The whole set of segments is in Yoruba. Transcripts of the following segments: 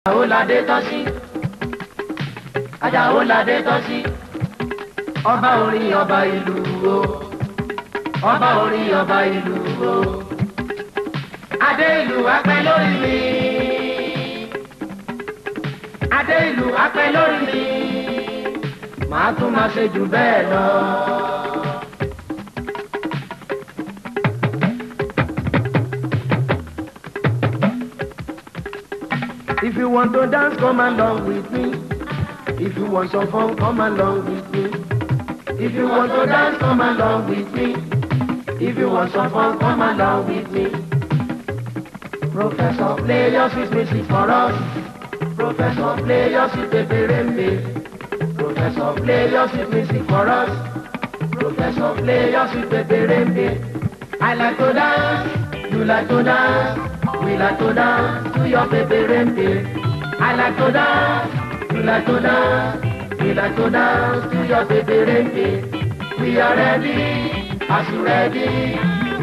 Àjàó ládé tọ́ sí. Àjàó ládé tọ́ sí. Ọba orin ọba ìlú o. Ọba orin ọba ìlú o. Adé ìlú apẹ́ lórí mi. Adé ìlú apẹ́ lórí mi. Màá tún máa ṣe jù bẹ́ẹ̀ lọ. If you want to dance, come along with me. If you want some fun, come along with me. If you want to dance, come along with me. If you want some fun, come along with me. Professor, play your sweet music for us. Professor, play your sweet peperembe. Professor, play your sweet music for us. Professor, play your sweet peperembe. I like to dance, you like to dance we like to dance to your baby rempe. I like to dance, we like to dance, we like to dance to your baby rempe. We are ready, as you ready,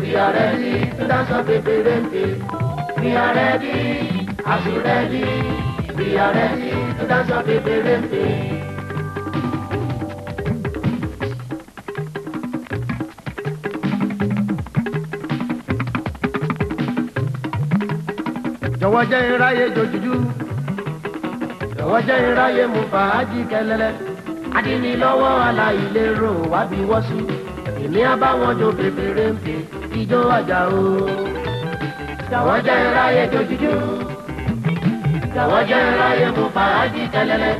we are ready to dance your baby rempe. We are ready, as you ready, we are ready to dance your baby rempe. ìwọ jẹ́ iráyé jòjújú ìwọ jẹ́ iráyé mú fàájì kẹlẹ́lẹ́ adínilọ́wọ́ aláìlérò wábi wọ́sù èmi á bá wọn jó bèbèrè ń pè ijó àjà o. ìwọ jẹ́ iráyé jòjújú ìwọ jẹ́ iráyé mú fàájì kẹlẹ́lẹ́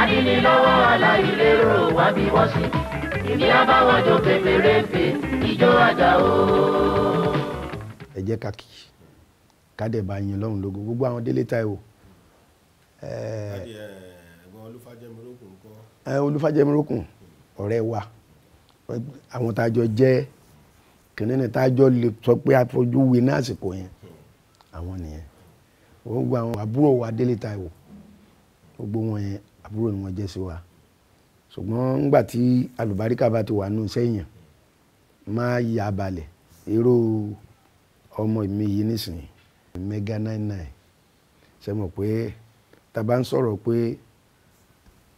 adínilọ́wọ́ aláìlérò wábi wọ́sù èmi á bá wọn jó bèbèrè ń pè ijó àjà o. ẹ jẹ́ ká kí i kádẹ̀ bá yin lọ́run lógo gbogbo àwọn délé táìwò. Eh, eh, olúfàjẹmírókùn ọ̀rẹ́ wa àwọn tájọ jẹ́ kìnìún tájọ lè sọ pé afọjú wi ní àsìkò yẹn àwọn nìyẹn gbogbo àwọn àbúrò wa délé táìwò gbogbo wọn yẹn àbúrò ni wọ́n jẹ́ sí wa ṣùgbọ́n ńgbà tí alùbáríkà bá ti wà nù sẹ́yìn máa yà balẹ̀ irú ọmọ mi yìí nísìnyí mega nine nine ṣe mọ̀ pé tá a bá ń sọ̀rọ̀ pé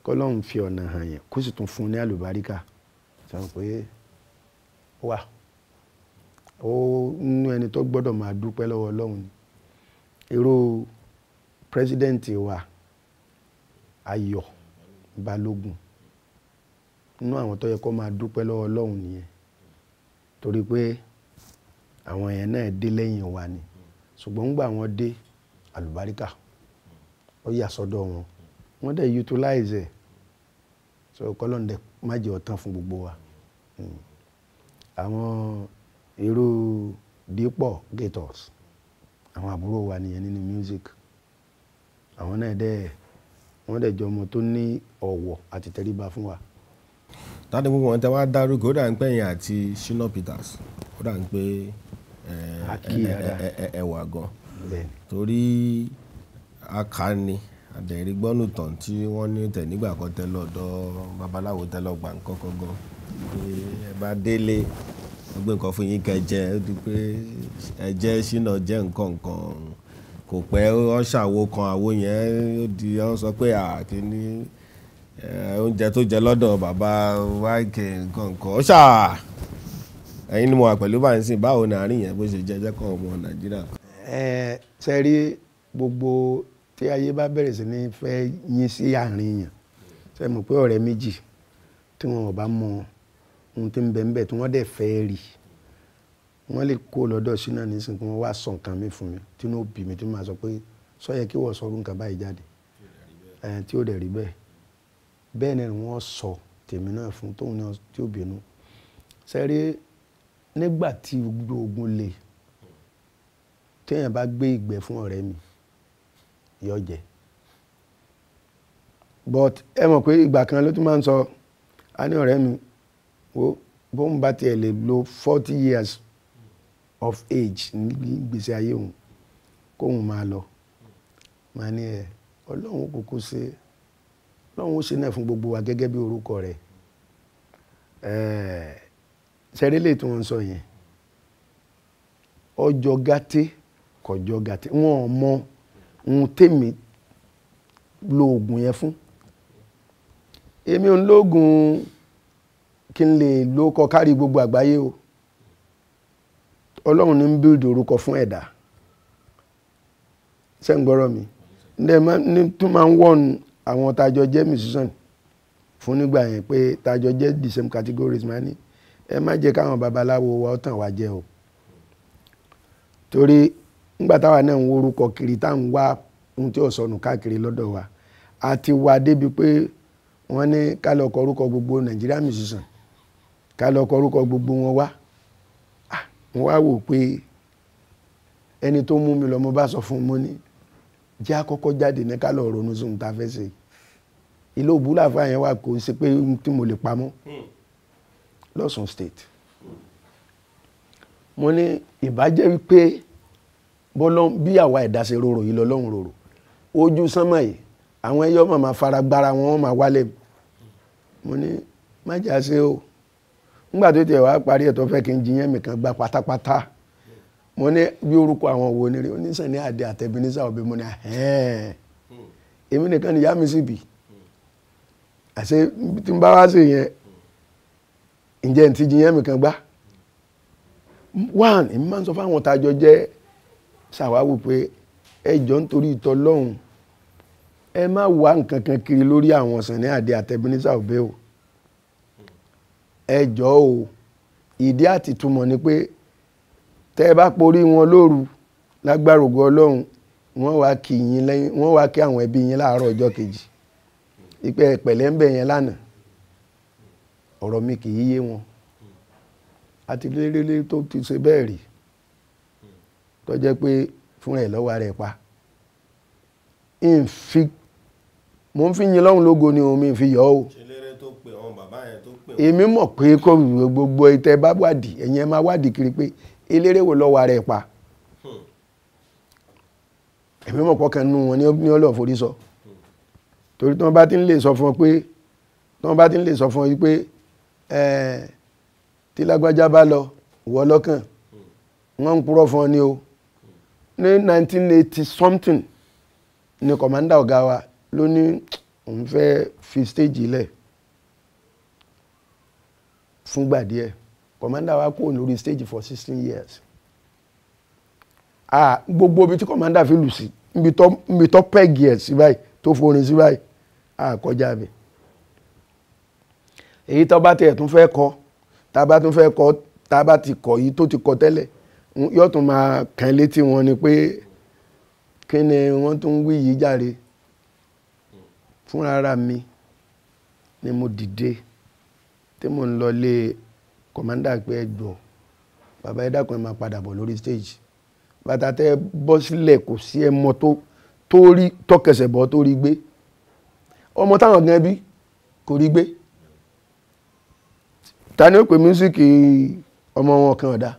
kọ́lọ́hún fi ọ̀nà hàn yẹn kó sì tún fún ní àlùbáríkà ṣe mọ̀ pé wà ó nínú ẹni tó gbọ́dọ̀ máa dúpẹ́ lọ́wọ́ ọlọ́run ni irú pírẹsidẹ́ǹtì wa Ayọ̀ Balógun nínú àwọn tó yẹ kó máa dúpẹ́ lọ́wọ́ ọlọ́run nìyẹn torí pé àwọn yẹn náà dé lẹ́yìn wa ni ṣùgbọ́n ń gbà wọ́n dé àlùbáríkà ó yà sọ́dọ̀ wọn wọ́n dẹ̀ utilize ẹ̀ sọ kọ́lọ́n dẹ̀ má jẹ́ ọ̀tán fún gbogbo wa hmm. àwọn irú dípọ̀ gators àwọn àbúrò wa nìyẹn nínú music àwọn náà dẹ̀ wọ́n dẹ̀ jọ ọmọ tó ní ọ̀wọ̀ àti tẹríba fún wa. tádé gbogbo wọn tẹ wá dárúkọ ó dà ń pẹ́yìn àti shina peters ó dà ń pé. ẹwà gan torí aka ni àdẹ̀rí gbọ́nù tán tí wọ́n ní tẹ̀ nígbà kan tẹ lọ́dọ̀ babaláwo tẹ lọ́gbà nǹkan kan gan ẹ bá délé wọ́n nǹkan fún yín kẹjẹ ó di pé ẹjẹ ṣínà jẹ́ nǹkan nǹkan kò pẹ́ wọ́n ṣàwo kan àwo yẹn ó di wọ́n sọ pé oúnjẹ tó jẹ ẹ̀yin ni mo wà pẹ̀lú bá ń sìn báwo ni àárín yẹn bó ṣe jẹ́ jẹ́kọ̀ ọmọ nàìjíríà. ẹ ṣe rí gbogbo tí ayé bá bẹ̀rẹ̀ sí ní fẹ́ yín sí àárín yẹn ṣe mọ̀ pé ọ̀rẹ́ méjì tí wọn ò bá mọ ohun tí ń bẹ ń bẹ tí wọ́n dẹ̀ fẹ́ rí wọ́n lè kó lọ́dọ̀ sínú nísìnyí kí wọ́n wá sọ nǹkan mi fún mi tí inú òbí mi tí mo máa sọ pé sọ yẹ kí wọ́n sọ nǹkan báyìí jáde tí ó dẹ̀ rí bẹ́ẹ̀ bẹ́ẹ̀ ni wọ́n sọ tèmi náà fún tóun náà tí ó bínú sẹ́rí nígbà tí gbogbo ogun le téèyàn bá gbé ìgbẹ́ fún ọ̀rẹ́ mi yọ jẹ but ẹ mọ̀ pé ìgbà kan ló tún máa ń sọ a ní ọ̀rẹ́ mi wo bóun bá tiẹ̀ lè lo forty years of age nígbèsè ayé òun kóun máa lọ máa ní ẹ ọlọ́run kúkú ṣe ọlọ́run ó ṣe náà fún gbogbo wa gẹ́gẹ́ bí orúkọ rẹ̀ ẹ̀ẹ́ sẹ́rẹ́lẹ̀ tí wọ́n ń sọ yẹn ọjọ́ gàtẹ́ kọjọ́ gàtẹ́ wọn ò mọ ohun tèmi lo oògùn yẹn fún èmi ò ń lóògùn kí n lè lo kọ kárí gbogbo àgbáyé o ọlọ́run ní ń bíldì orúkọ fún ẹ̀dá sẹ́ǹgbọ́rọ̀ mi ní tún máa ń wọ́n àwọn tajọ jẹ́ musician fún nígbà yẹn pé tajọ jẹ́ the same categories máa ní ẹ má jẹ́ káwọn babaláwo wa ó wa wá jẹ o torí ńgbà táwa náà ń worúkọ kiri tá à ń wá ohun tí ò sọnù káàkiri lọ́dọ̀ wa a ti wá débi pé wọ́n ní ká lọ kọ orúkọ gbogbo Nàìjíríà musician ká lọ kọ orúkọ gbogbo wọn wá wọ́n wá wò pé ẹni tó mú mi lọ mo bá sọ fún un mo ní jẹ́ àkọ́kọ́ jáde ní ká lọ ronú sóhun tá a fẹ́ ṣe ilé òbúlà fáyẹn wà kó ṣe pé tí mo lè pamọ́. Mm lọ́sùn state mo ní ìbàjẹ́ wípé bọ́lọ́ bí àwa ẹ̀dá ṣe rorò yìí lọ́lọ́run rorò ojú sánmà yìí àwọn ẹyọ máa ma fara gbára wọn máa wálẹ̀ mo ní má ṣe o nígbà tó tiẹ̀ wá parí ẹ̀ tó fẹ́ kí n jiyàn mi kan gba pátápátá mo ní bí orúkọ àwọn wo ni rí oníṣàn ní àdé àtẹ̀bínísà òbí mo ní ẹ̀ẹ́n èmi nìkan nìyá mi sì bì àṣẹ tí n bá wá sí yẹn ǹjẹ́ ntí jiyàn mi kan gbá one èmi máa ń sọ fáwọn tàjọ jẹ́ ṣàwáwò pé ẹ nítorí ìtọ́ lọ́hùn ẹ má wá nǹkan kan kiri lórí àwọn Sàní Àdé àtẹ̀bínísà òbẹ́ o ẹ o ìdí àti túmọ̀ ni pé tẹ́ ẹ bá porí wọn lóru lágbára ògo Ọlọ́run wọ́n wá kí yín lẹ́yìn wọ́n wá kí àwọn ẹbí yín láàárọ̀ ọjọ́ kejì ìpẹ́ pẹ̀lẹ́ ń bẹ̀ yẹn lánàá ọ̀rọ̀ mi kì í yé wọn àti lérélé tó ti ṣe bẹ́ẹ̀ rí tó jẹ́ pé fúnra ẹ̀ lọ́wọ́ rẹ̀ pa ìfi mo ń fi yin lọ́hùn lógo ni omi fi yọ o èmi mọ̀ pé kó gbogbo ìtẹ́ bá wádìí ẹ̀yin ẹ máa wádìí kiri pé eléré wo lọ́wọ́ rẹ̀ pa hmm. èmi mọ̀ pọ́kàn nù wọn ní ọlọ́ọ̀ forí sọ torí tí wọ́n bá ti ń lè sọ fún ọ pé tí wọ́n bá ti ń lè sọ fún ọ pé tí lágbájá bá lọ wọ́ lọ́kàn wọ́n ń purọ́ fún ọ ní o ní 1980 something ni kọ̀mándà ọ̀gá wa ló ní òun fẹ́ fi stage lẹ̀ fúngbà díẹ̀ kọ̀mándà wa kò lórí stage for sixteen years ah gbogbo ibi tí kọ̀mándà fi lù sí ibi tó pẹ́gì ẹ̀ sí báyìí tó forin sí báyìí ah kọjá bẹ́ẹ̀ èyí tó bá tiẹ̀ tún fẹ́ kọ tá a bá tún fẹ́ kọ tá a bá ti kọ yìí tó ti kọ tẹ́lẹ̀ yóò tún máa kàn létí wọn ni pé kí ni wọ́n tún wí yìí járe fúnra mi ni mo dìde tí mo ń lọlé kọ̀mándà pé ẹjọ́ bàbá ẹ dákun ẹ máa padà bọ̀ lórí stage bàtà tẹ bọ́ sílẹ̀ kò sí ẹ mọ́ tó tó rí tọkẹsẹ̀ bọ́ tó rí gbé ọmọ táwọn gan bí kò rí gbé ta ni ó pè mísíkì ọmọ wọn kan ọ̀dà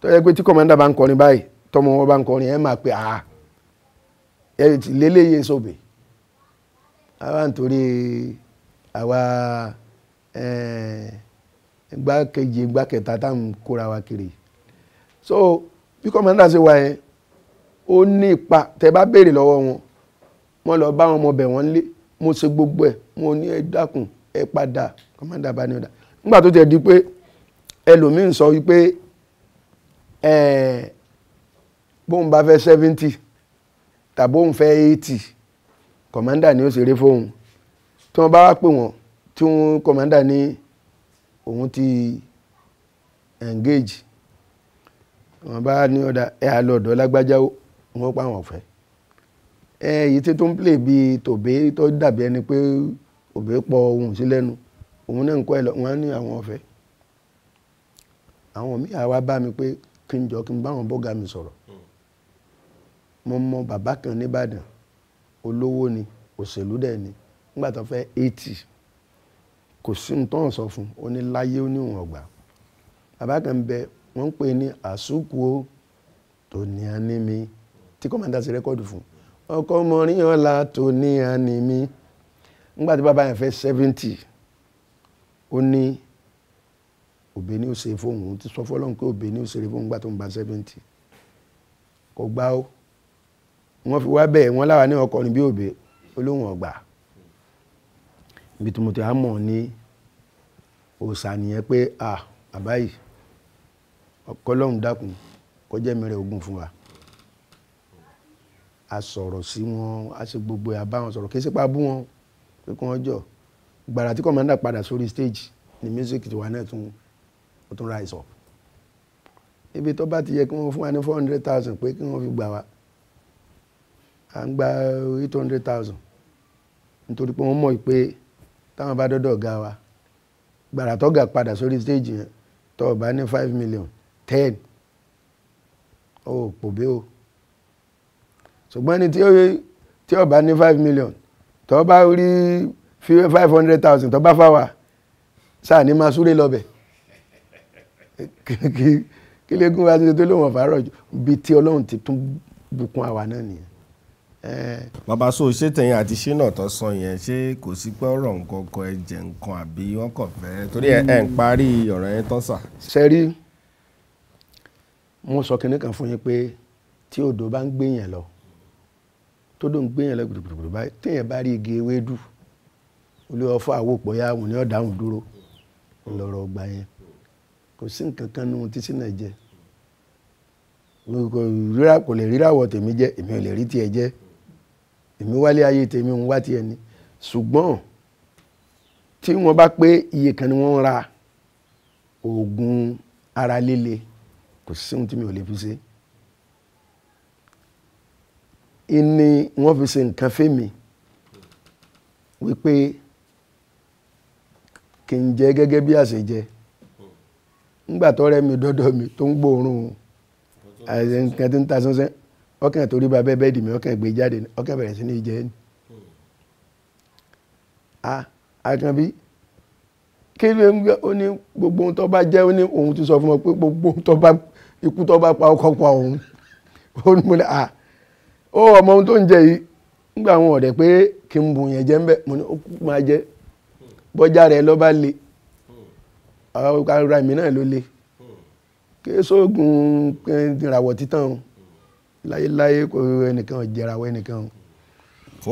tó yẹ pé tí kọ́mọ́ndà bá ń kọrin báyìí tọmọ wọn bá ń kọrin ẹ máa pè á ẹ ti léléyè sóbè àwa nítorí àwa gbákejì gbákẹta tá à kóra wa kiri so bí kọ́mọ́ndà ṣe wà yẹn ó ní ipa tẹ bá béèrè lọ́wọ́ wọn wọn lọ bá wọn mọ bẹ̀ wọ́n lé mo ṣe gbogbo ẹ̀ mo ní ẹ dákun ẹ padà commander bá ní ọ̀dà nígbà tó ti di pé ẹlòmíín sọ wípé bóun bá fẹ́ seventy tàbóun fẹ́ eighty commander ni ó ṣeré fóun tí wọ́n bá wá pè wọ́n tí wọ́n commander ní òun ti engage wọ́n bá ní ọ̀dà ẹ̀ àlọ́ọ̀dọ́ lágbájá wọ́n pa àwọn ọ̀fẹ́ ẹ̀ èyí tí tó play bíi tòbé tó dàbí ẹni pé òbí pọ ohun sí lẹ́nu òun náà ń kọ́ ẹ lọ wọ́n á ní àwọn ọ̀fẹ́ àwọn míì àwa bá mi pé kí n jọ kí n bá àwọn bọ́gà mi sọ̀rọ̀ mo mọ bàbá kan nìbàdàn olówó ni òṣèlú dẹ̀ ni nígbà tó fẹ́ eighty kò sí nǹkan sọ fún un ó ní láyé ó ní òun ọ̀gbà bàbá kan bẹ wọ́n pè ní àsùkù o tó ní anímí tí kọ́mọ̀dá ti rẹ́kọ́ọ̀dù fún ọkọ mọ̀rin ọ̀la tó ní anímí nígbà tí bàbá yẹn fẹ́ seventy ó ní òbí ni ó ṣe fóun ti sọ fọlọ́n pé òbí ó ṣe fóun nígbà tó ń ba seventy kò gbá ó wọ́n fi wá bẹ́ẹ̀ wọ́n láwa ní ọkọ ni bí òbí olóhùn ọgbà ibi tí mo ti mọ̀ ní òòsà nìyẹn pé à bàbá yìí dákun kọjá mẹ́rẹ̀ ogun fún wa a sọ̀rọ̀ sí wọn a ṣe gbogbo àbá wọn sọ̀rọ̀ kí n sípa bú wọn pé kí wọ́n jọ gbàrà tí kọ́mọ́ndà padà sórí stage ni music ti wà náà tún ó tún rise up ibi tó bá ti yẹ kí wọ́n fún wa ní four hundred thousand pé kí wọ́n fi gbà wá à ń gba eight hundred thousand nítorí pé wọ́n mọ̀ pé táwọn bá dọ́dọ̀ ga wa gbàrà tó ga padà sórí stage yẹn tó bá ní five million ten ó pòbé o ṣùgbọ́n ẹni tí ó ní five million tó bá rí five hundred thousand tó bá fáwà sáà ní máa súré lọ́bẹ̀ kí lẹ́gùn wa ti tó lóun ọ̀fàárọ̀ bí tí ọlọ́run ti tún bùkún àwa náà nìyẹn. bàbá so ṣé tẹ̀yìn àti ṣé náà tó sọ yẹn ṣé kò sí pé ọ̀rọ̀ nǹkan kan ẹ nǹkan àbí wọ́n kàn fẹ́ torí ẹ ń parí ọ̀rọ̀ yẹn tán sà. sẹ́rí mo sọ kinní kan fún yín pé tí odò bá ń gbé yẹn lọ tó dùn gbéyàn lẹ gbùdùgbùdù báyìí téèyàn bá rí igi ewédú olú ọfọ àwòpọ̀ yá àwọn ènìyàn dáhùn dúró ńlọrọ ọgbà yẹn kò sí nǹkan kan nínú títí náà jẹ kò lè ríràwọ̀ tèmi jẹ èmi ò lè rí tiẹ̀ jẹ èmi wálé ayé tèmi ń wá tiẹ̀ ni ṣùgbọ́n tí wọ́n bá pé iye kan ni wọ́n ń ra oògùn ara líle kò sí ohun tí mi ò lè fi ṣe ni wọ́n fi ṣe nǹkan wípé kì í jẹ gẹ́gẹ́ bí ńgbà tó mi dọ́dọ̀ mi tó ń gbóòórùn àṣẹ nǹkan ń ta sánsán ọkàn torí ba bẹ́ẹ̀ bẹ́ẹ̀dì mi ọkàn gbé jáde ọkàn bẹ̀rẹ̀ sí ní ni. kí ló ń gbé ó ní gbogbo ohun tó bá jẹ́ ó ní ti sọ fún ọ gbogbo ohun tó bá ikú tó ó ọmọ ohun tó ń jẹ yìí nígbà àwọn ọ̀rẹ́ pé kí n bù yẹn jẹ́ ń bẹ̀ mo ní ó kú máa jẹ́ bọ́jà rẹ̀ lọ́ bá le ara mi náà ló le kéésógun ìràwọ̀ títàn láyéláyé kò ẹnìkan jẹ́rawọ́ ẹnìkan o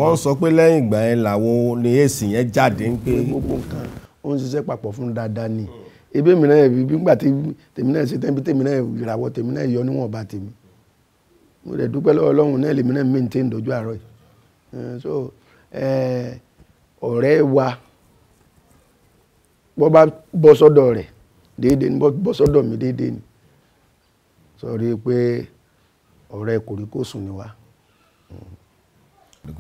wọ́n sọ pé lẹ́yìn ìgbà yẹn làwọn ni èsì yẹn jáde ń pé. gbogbo nǹkan ó ń ṣiṣẹ́ papọ̀ fún dáadáa ni ebi mi náà bí gbà tèmi náà ṣe tẹ́ńbí tèmi náà ìràwọ̀ tèmi náà yọ níwọ̀nba tèmi mo dẹ̀ dúpẹ́ lọ́wọ́ ọlọ́run náà lèmi náà maintain dojú àárọ̀ yìí eh, so eh, ọ̀rẹ́ wa bọ́ bá bọ́ sọ́dọ̀ rẹ̀ déédéé ni bọ́ sọ́dọ̀ mi déédéé ni sọ̀rí pé ọ̀rẹ́ kòríkòsùn ni wa.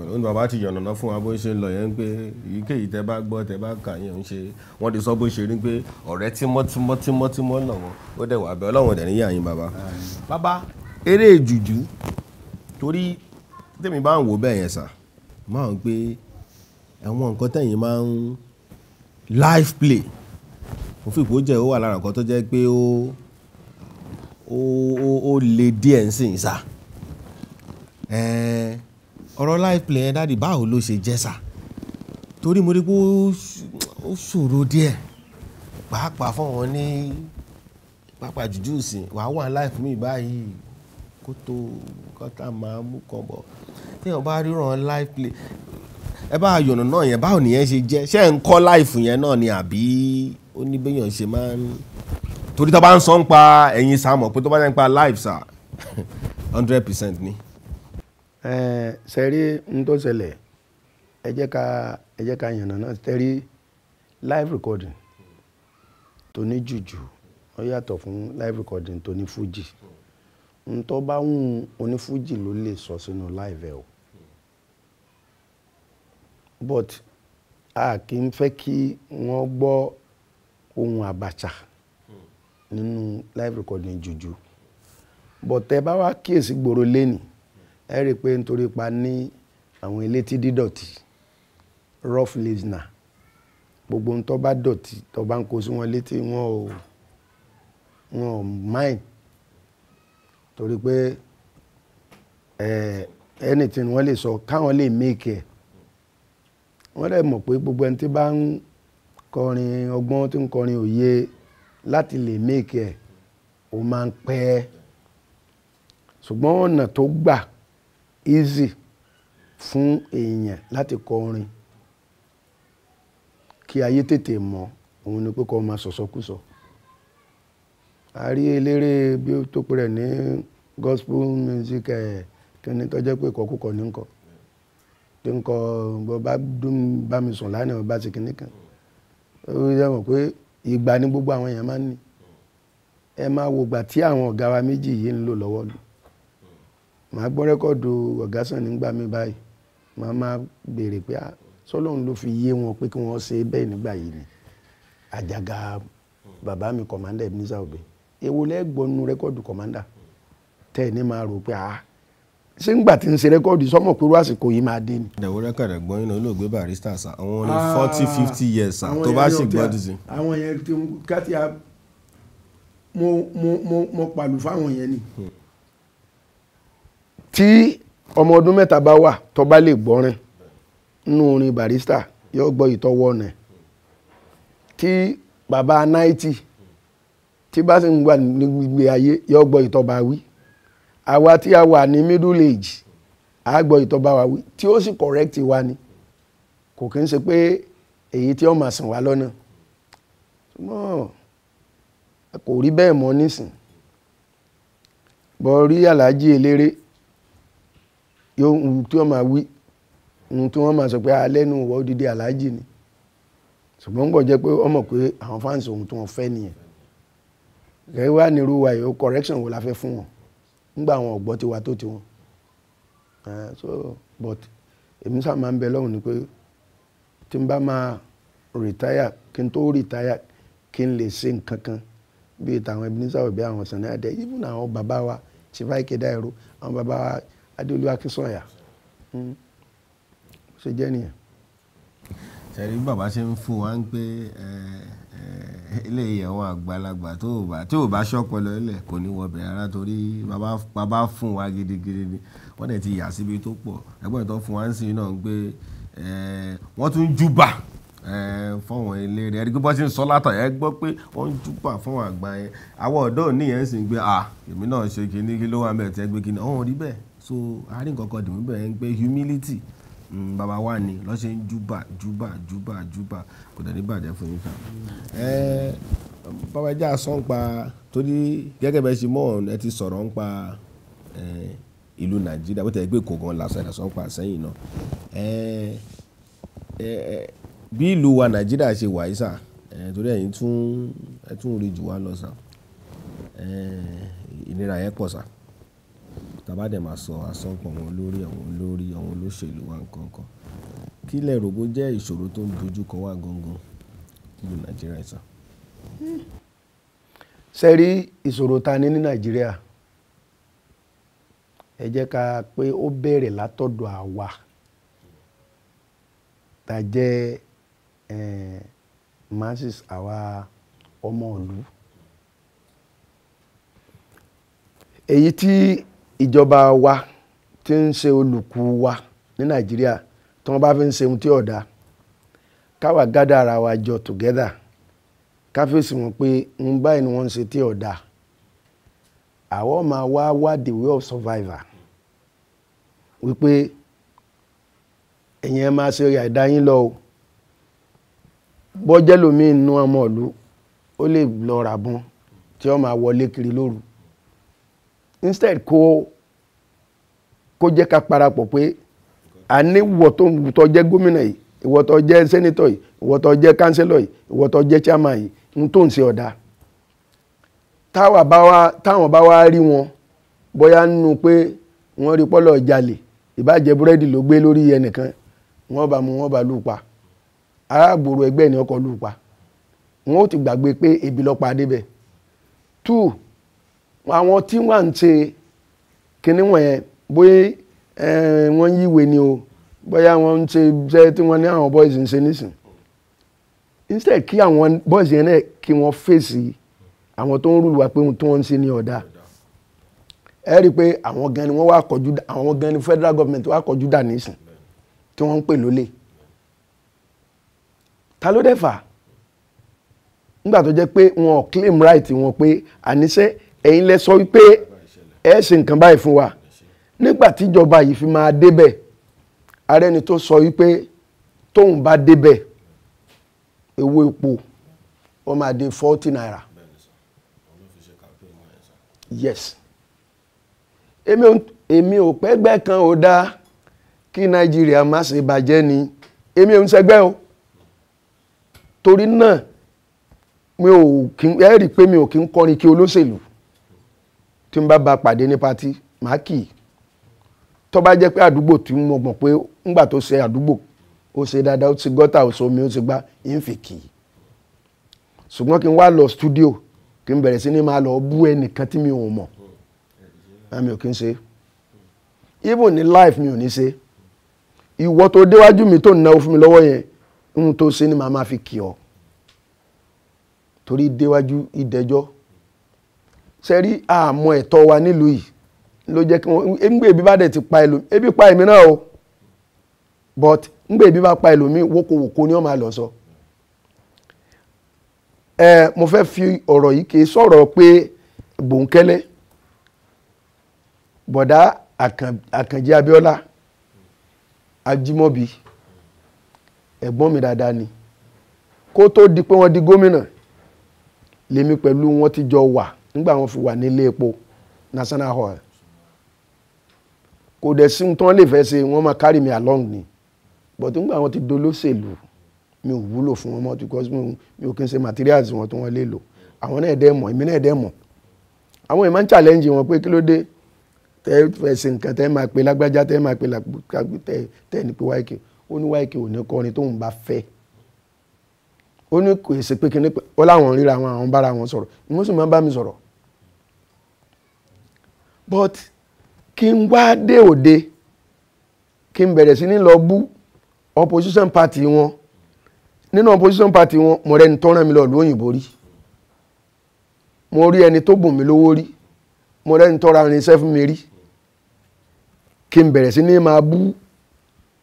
ó ní bàbá ti yànnàná fún wa bó ṣe ń lọ yẹn pé èyíkéyìí tẹ bá gbọ́ tẹ bá kà yẹn ń ṣe wọ́n ti sọ bó ṣe rí pé ọ̀rẹ́ tímọ́tímọ́ tímọ́tímọ́ lọ́wọ́ ó dẹ̀ wà bẹ́ẹ̀ ọlọ́run dẹ̀ níyà yín bàbá. bàbá eré jùjú torí tèmi bá ń wò bẹ́ẹ̀ yẹn sà máa ń pé àwọn nǹkan tẹ̀yìn máa ń live play mo fi ìpò jẹ́ ó wà lára nǹkan tó jẹ́ pé ó ó ó ó le díẹ̀ ń sìn sà ọ̀rọ̀ live play yẹn dáàdi báwo ló ṣe jẹ́ sà torí mo rí pé ó ṣòro díẹ̀ pàápàá fún wọn ní pàápàá jùjú ìsìn wàá wà live mi báyìí kó tó nǹkan tá máa mú kan bọ̀ bá ríran live play ẹ bá yọ̀nà náà yẹn báwo nìyẹn ṣe jẹ́ ṣé ẹ̀ ń kọ́ láìfù náà ni àbí ó ní béèyàn ṣe máa ń torí tó bá ń sọ pa ẹ̀yin sá pé tó bá ń pa live sa hundred ni. ẹ n tó ṣẹlẹ̀ ẹ jẹ́ ká live recording tó ní jùjù ó yàtọ̀ fún live recording tó ní fújì. n tó bá wù onífújì ló lè sọ sínú live o but a kì í fẹ́ kí wọ́n gbọ́ ohun àbàchà nínú live recording jùjú but ẹ bá wá kíyèsí gbòòrò lẹ́nìí ẹ rí i pé nítorí pa ní àwọn elétí dídọ̀tí rough listener gbogbo ń tó bá dọ̀tí tó bá ń kó sí wọn létí wọn ò wọn ò mind torí pé anything wọ́n lè sọ káwọn lè make ẹ̀ wọ́n lè mọ̀ pé gbogbo ẹni tí bá ń kọrin ọgbọ́n tí ń kọrin òye láti lè make ẹ̀ ó máa ń pẹ́ ṣùgbọ́n ọ̀nà tó gbà easy fún èèyàn láti kọrin kí ayé tètè mọ̀ òun ni pé kó máa sọ̀sọ́kùsọ. So, so, a rí eléré bí ó tó pẹ̀rẹ̀ ní gospel music ẹ̀ eh, kíni tó jẹ́ pé ìkọkúkọ ní nǹkan tí ń kọ bó bá dùn bá mi sùn lánàá bá ti kíní kan ó yẹ mọ̀ pé ìgbà ni gbogbo àwọn èèyàn máa ń ní ẹ máa wo ìgbà tí àwọn ọ̀gá wa méjì yìí ń lò lọ́wọ́ lù màá gbọ́ rẹ́kọ̀dù ọ̀gá sàn nígbà mi báyìí màá máa béèrè pé sọ́lọ́run ah, ló fi yé wọn pé kí wọ́n ṣe bẹ́ẹ̀ nígbà yìí ni àjàgà bàbá mi kọ̀mándà Ebenezer Obey èwo lẹ́gbọ̀n nu rẹ́kọ̀dù kọ̀mándà tẹ́ ẹ̀ ní máa rò pé àá ah, ṣé ń gbà tí ń ṣe rẹ́kọ́ọ̀dù sọ́mọ pé àsìkò yìí máa dé ni. ìdàwọ́ rẹ́kọ̀dù gbọ́n yín olóògbé barista sa àwọn ní ah, forty fifty years sa tó bá sì gbọ́dọ̀ sí. àwọn yẹn ti káti a mo mo mo mo pàlù fáwọn yẹn ni. Hmm. tí ọmọ ọdún mẹ́ta bá wà tó bá lè gbọ́rin nínú orin barista yóò gbọ́ ìtọ́wọ́ ọ̀nà tí bàbá náìtì tí bá sì ń wà ní gbígbé ayé yọ gbọ́ ìtọ́ba wí àwa tí a wà ní middle age a gbọ́ ìtọ́ba wa wí tí ó sì correct wa ni kò kí ń ṣe pé èyí tí ó máa sàn wá lọ́nà ṣùgbọ́n kò rí bẹ́ẹ̀ mọ́ nísìn bọ́ rí aláàjì eléré yóò ohun tí wọ́n wí ohun tí wọ́n máa sọ pé alẹ́ nu wọ́n dídí aláàjì ni ṣùgbọ́n ń bọ̀ jẹ́ pé ọmọ pé àwọn fáǹsì ohun tí wọ́n fẹ́ nìyẹn gẹ́gẹ́ wá nírú wa yìí correction wo la fẹ́ fún wọn nígbà àwọn ọ̀gbọ́n ti wa tó ti wọn so but èmi sáà máa ń bẹ lọ́hùn ni pé tí n bá máa retire kí n tó retire kí n lè ṣe nǹkan kan bíi tàwọn Ebenezer àwọn even àwọn bàbá wa Chifa Ike Dairo àwọn bàbá wa Adéolú Akínsọ̀yà hmm. ṣe jẹ́ nìyẹn. ṣe rí bàbá ṣe ń fún wa ń eléyìí àwọn àgbàlagbà tó o bá tí o bá ṣọpọlọ lẹ kò ní wọbẹ rárá torí bàbá fún wa gidigidi ni wọ́n dẹ̀ ti yà síbi tó pọ̀ ẹgbẹ́ ìtọ́ fún wa ń sìn náà ń gbé wọ́n tún júbà fọwọn eléré ẹni gbọ́ sí ń sọ látọ̀ ẹ gbọ́ pé wọ́n ń júbà fọwọn àgbà yẹn àwọn ọ̀dọ́ nìyẹn sì ń gbé à èmi náà ṣe kinní kí ló wà mẹ́tẹ́ gbé kinní ọ̀hún rí bẹ́ẹ̀ so àárín kọ̀ọ̀kan dìbò bẹ́ẹ̀ ń gbé humility Mm, baba wa ni lọ́sẹ̀ ń juba juba juba júbà kò dẹ̀ ní bàjẹ́ fún yín kan. ẹ bàbá ìjà sọ ń pa torí gẹ́gẹ́ bẹ́ẹ̀ ṣe mọ́ ẹ ti sọ̀rọ̀ ń pa ìlú nàìjíríà bó tẹ̀ gbé kó gan làṣà ìlàsọ ń pa sẹ́yìn náà bí ìlú wa nàìjíríà ṣe wà yìí sà torí ẹ̀yin tún ẹ tún rí jù wá lọ sà ìnira yẹn pọ̀ sà. Tàbá dẹ̀ máa sọ àsọ̀ǹpa àwọn olórí, àwọn olórí, àwọn olóṣèlú wa nǹkan Kí lẹ̀ rò jẹ́ ìṣòro tó ń dojú kọ wá gangan nínú Nàìjíríà sir? Ṣé rí ìṣòro ta ní ní Nàìjíríà? Ẹ jẹ́ ká pé ó bẹ̀rẹ̀ látọ̀dọ̀ àwa ta jẹ́, eh, masses àwa ọmọ ìlú. Èyí tí ìjọba wa tí ń ṣe olùkú wa ní nàìjíríà tí wọ́n bá fi ń ṣe ohun tí ọ̀dà káwa gádà ara wa jọ together káfíìsì wọn pé ń báyìí ni wọ́n ń ṣe tí ọ̀dà àwọn máa wá wá the way of survivor wípé ẹ̀yin ẹ máa ṣe eré àìdá yín lọ o bọ́jẹ́ lómi inú ọmọ ìlú ó lè lọ ràbọn tí ó máa wọlé kiri lóru instead kó kó jẹ́ ká parapọ̀ pé a ní ìwọ tó ń tọ́ jẹ́ gómìnà yìí ìwọ tó jẹ́ sẹ́nitọ̀ yìí ìwọ tó jẹ́ kánsílọ̀ yìí ìwọ tó jẹ́ chairman yìí ń tó ń ṣe ọ̀dà táwọn bá wá rí wọn bóyá nínú pé wọ́n rí pọ́lọ̀ jalè ìbàjẹ́ búrẹ́dì ló gbé lórí ẹnìkan wọ́n bá mú wọ́n bá lù pa aráàgbòrò ẹgbẹ́ ni ọkọ̀ lù pa wọ́n ó ti gbàgbé pé ebi lọ́pàá débẹ̀ two àwọn tí wọ́n ń ṣe kinní wọ̀nyẹn bóyá wọ́n yíwe ni o bóyá wọ́n ń ṣe iṣẹ́ tí wọ́n ní àwọn boys ń ṣe nísìn instead kí àwọn boys yẹn náà kí wọ́n fèsì àwọn tó ń rúlu wa pé ohun tí wọ́n ń ṣe ní ọ̀dà ẹ rí i pé àwọn gan ni wọ́n wá kọjú àwọn gan ni federal government wá kọjú dà nísìn tí wọ́n ń pè lólè ta ló dẹ̀ fà nígbà tó jẹ́ pé wọn ò claim right wọn pé àníṣe ẹ̀yin lẹ sọ wípé ẹ ṣe nǹkan báyìí fún wa nígbà tíjọba yìí fi máa débẹ̀ ààrẹ ni tó sọ wípé tóun bá débẹ̀ owó epo wọ́n máa di forty naira yes èmi ò pẹ́gbẹ́ kan ò dáa kí nàìjíríà má ṣe bàjẹ́ ni èmi ò ń ṣẹgbẹ́ o torí náà mi ò kí ẹ rí i pé mi ò kí ń kọrin kí olóṣèlú tí n bá ba pàdé ní patí màá kì í tó bá jẹ́ pé àdúgbò tí mo mọ̀ pé ńgbà tó ṣe àdúgbò ó ṣe dáadáa ó ti gọ́tà ó ṣomi ó ti gbá ń fi kì í ṣùgbọ́n kí n wá lọ studio kí n bẹ̀rẹ̀ sí ni máa lọ bú ẹnìkan tí mi ò mọ̀ àmì ò kí n ṣe even ní life mi ò ní ṣe ìwọ tó déwájú mi tó náwó fún mi lọ́wọ́ yẹn ń tó ṣe ni màá máa fi kì ọ́ torí déwájú ìdẹjọ́ ṣe rí àmọ́ ẹ̀tọ́ wa nílùú yìí ló jẹ́ kí wọ́n ńgbé ebi bá dẹ̀ ti pa ẹlòmí ebi pa èmi náà o but ńgbé ebi bá pa ẹlòmí wókòwòkò ni wọ́n máa lọ sọ. ẹ mo fẹ́ fi ọ̀rọ̀ yìí kì í sọ̀rọ̀ pé bòńkẹ́lẹ́ bọ̀dá àkànjí abíọ́lá ajímọ́bi ẹ̀gbọ́n mi dáadáa ni kó tó di pé wọ́n di gómìnà lèmi pẹ̀lú wọn ti jọ wà nígbà wọn fi wà nílé epo national hall kò dẹ̀ sí ohun tí lè fẹ́ ṣe wọ́n máa carry me along ni but nígbà wọn ti dolóṣèlú mi ò wúlò fún wọn mọ́ because mi ò kí n ṣe materials wọn tí wọ́n lè lò àwọn náà dẹ́ mọ̀ èmi náà dẹ́ mọ̀ àwọn èèyàn máa ń challenge wọn pé kí ló dé tẹ́ fẹ́ ṣe nǹkan tẹ́ máa pe lágbájá tẹ́ máa pe tẹ́ tẹ́ ní pé yk ó ní yk ò ní kọrin tóun bá fẹ́ ó ní kò èsì pé kí ni ó láwọn ríra àwọn àwọn bára wọn sọ̀rọ̀ ìmọ̀sùn bá mi sọ̀rọ̀ but kí n wá dé òde kí n bẹ̀rẹ̀ sí ní lọ bú opposition party wọn nínú opposition party wọn mo rẹ́ni tó ràn mí lọ lóyìnbó rí mo rí ẹni tó bùn mí lówó rí mo rẹ́ni tó ra irinṣẹ́ fún mi rí kí n bẹ̀rẹ̀ sí ní máa bú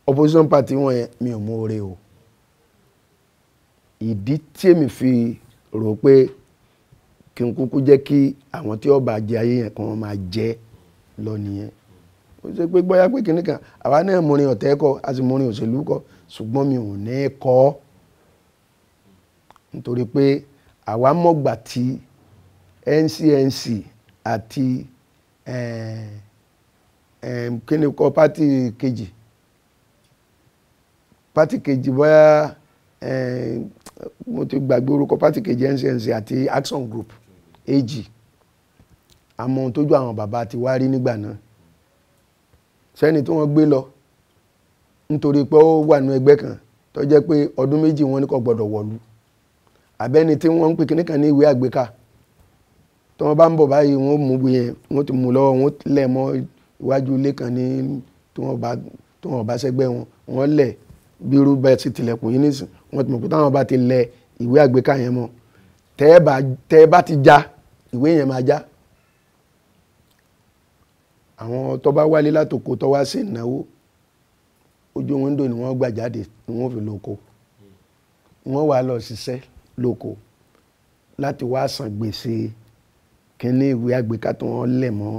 opposition party wọn yẹn mi ò mú oore o ìdí tí èmi fi rò pé kí n kúkú jẹ́ kí àwọn tí ọba jẹ ayé yẹn kan máa jẹ lọ nìyẹn ó ṣe pé gbọ́yá pé kìnnì kan àwa náà mọrin ọ̀tẹ́ kọ a sì mọrin òṣèlú kọ ṣùgbọ́n mi ò ní kọ́ nítorí pé àwa mọ̀gbà tí NCNC àti eh, eh, kíni kọ pátì kejì pátì kejì bóyá eh, mo ti gbàgbé orúkọ pátì kejì NCNC àti Action Group èjì àmọ́ ohun tójú àwọn bàbá ti wá rí nígbà náà sẹ́ni tí wọ́n gbé lọ nítorí pé ó wà nínú ẹgbẹ́ kan tó jẹ́ pé ọdún méjì wọn ní kò gbọ́dọ̀ wọ̀lú àbẹ́ni tí wọ́n ń pè kíníkan ní ìwé àgbéká tí wọ́n bá ń bọ̀ báyìí wọ́n mú bu yẹn wọ́n ti mú lọ́wọ́ wọ́n lẹ̀ mọ́ iwájú ilé kan ní tí wọ́n bá tí wọ́n bá sẹ́gbẹ́ wọn wọ́n lẹ̀ bí irú bẹ́ẹ̀ ti tilẹ̀kùn yín nísìn ti mọ̀ pé táwọn bá ti lẹ̀ ìwé àgbéká yẹn mọ́ tẹ́ ẹ bá ti já ìwé yẹn máa já àwọn tó bá wálé látòkò tó wá sí ìnáwó ojú wíńdò ni wọ́n gbà jáde ni wọ́n fi lóko wọ́n wá lọ ṣiṣẹ́ lóko láti wá san gbèsè kínní ìwé àgbéká tí wọ́n lẹ̀ mọ́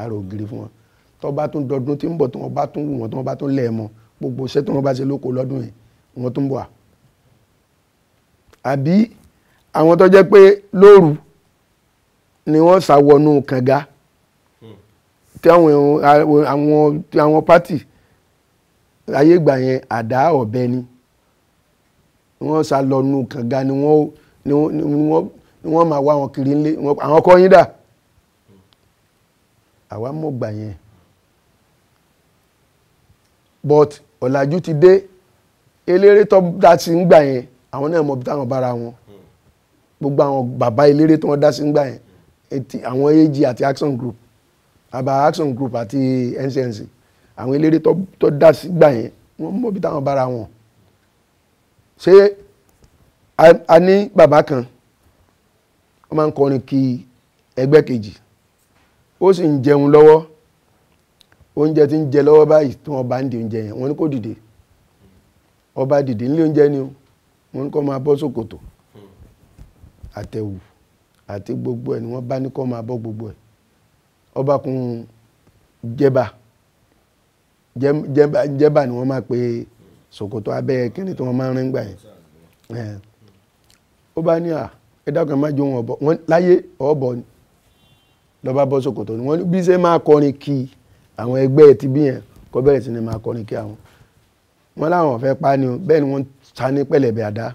ara ògiri fún wọn tó bá tún dọdún tí ń bọ̀ tí wọ́n bá tún wù wọ́n tí wọ́n bá tún lẹ̀ mọ́ gbogbo iṣẹ́ tí wọ́n bá ṣe lóko lọ́dún yìí wọ́n tún bọ̀ àbí àwọn tó jẹ́ pé lóru ni wọ́n sá wọnú kànga tí àwọn pátì ayé gbà yẹn àdá ọ̀bẹ ni wọ́n sá lọ́nu kànga ni wọ́n máa wá wọn kiri nílé àwọn ọkọ yín dà àwa mọ̀ gbà yẹn but ọ̀làjú ti dé eléré tó dá sí ń gbà yẹn àwọn náà mọ̀ bí táwọn bára wọn gbogbo àwọn bàbá eléré tó wọ́n dá sí ń gbà yẹn àwọn AG àti Action Group àbá Action Group àti NCNC àwọn eléré tó dá sígbà yẹn wọ́n mọ̀ bí táwọn bára wọn ṣé a ní bàbá kan wọ́n máa ń kọrin kí ẹgbẹ́ kejì ó sì ń jẹun lọ́wọ́ oúnjẹ tí ń jẹ lọ́wọ́ báyìí tí wọ́n bá ń di oúnjẹ yẹn wọ́n ní kó dìde ọba dìde nílé oúnjẹ ni o wọ́n ní kó máa bọ́ sòkòtò àti gbogbo ẹ̀ ni wọ́n bá ní kọ́ máa bọ́ gbogbo ẹ̀ ọbakùn jẹba jẹba jẹba ni wọ́n máa pe ṣòkòtò abẹ́ kíni tí wọ́n máa ń rìn gbà yẹn ó bá ní à ẹ dákun ẹ má jó wọn bọ wọn láyé ọ̀bọ lọ́ba bọ́ ṣòkòtò ni wọ́n bí ṣe máa kọrin kí àwọn ẹgbẹ́ ẹ̀ ti bí yẹn kọ́ bẹ̀rẹ̀ sí ni máa kọrin kí àwọn wọn láwọn fẹ́ pa ni bẹ́ẹ̀ ni wọ́n ta ní pẹ̀lẹ́bẹ̀ àdá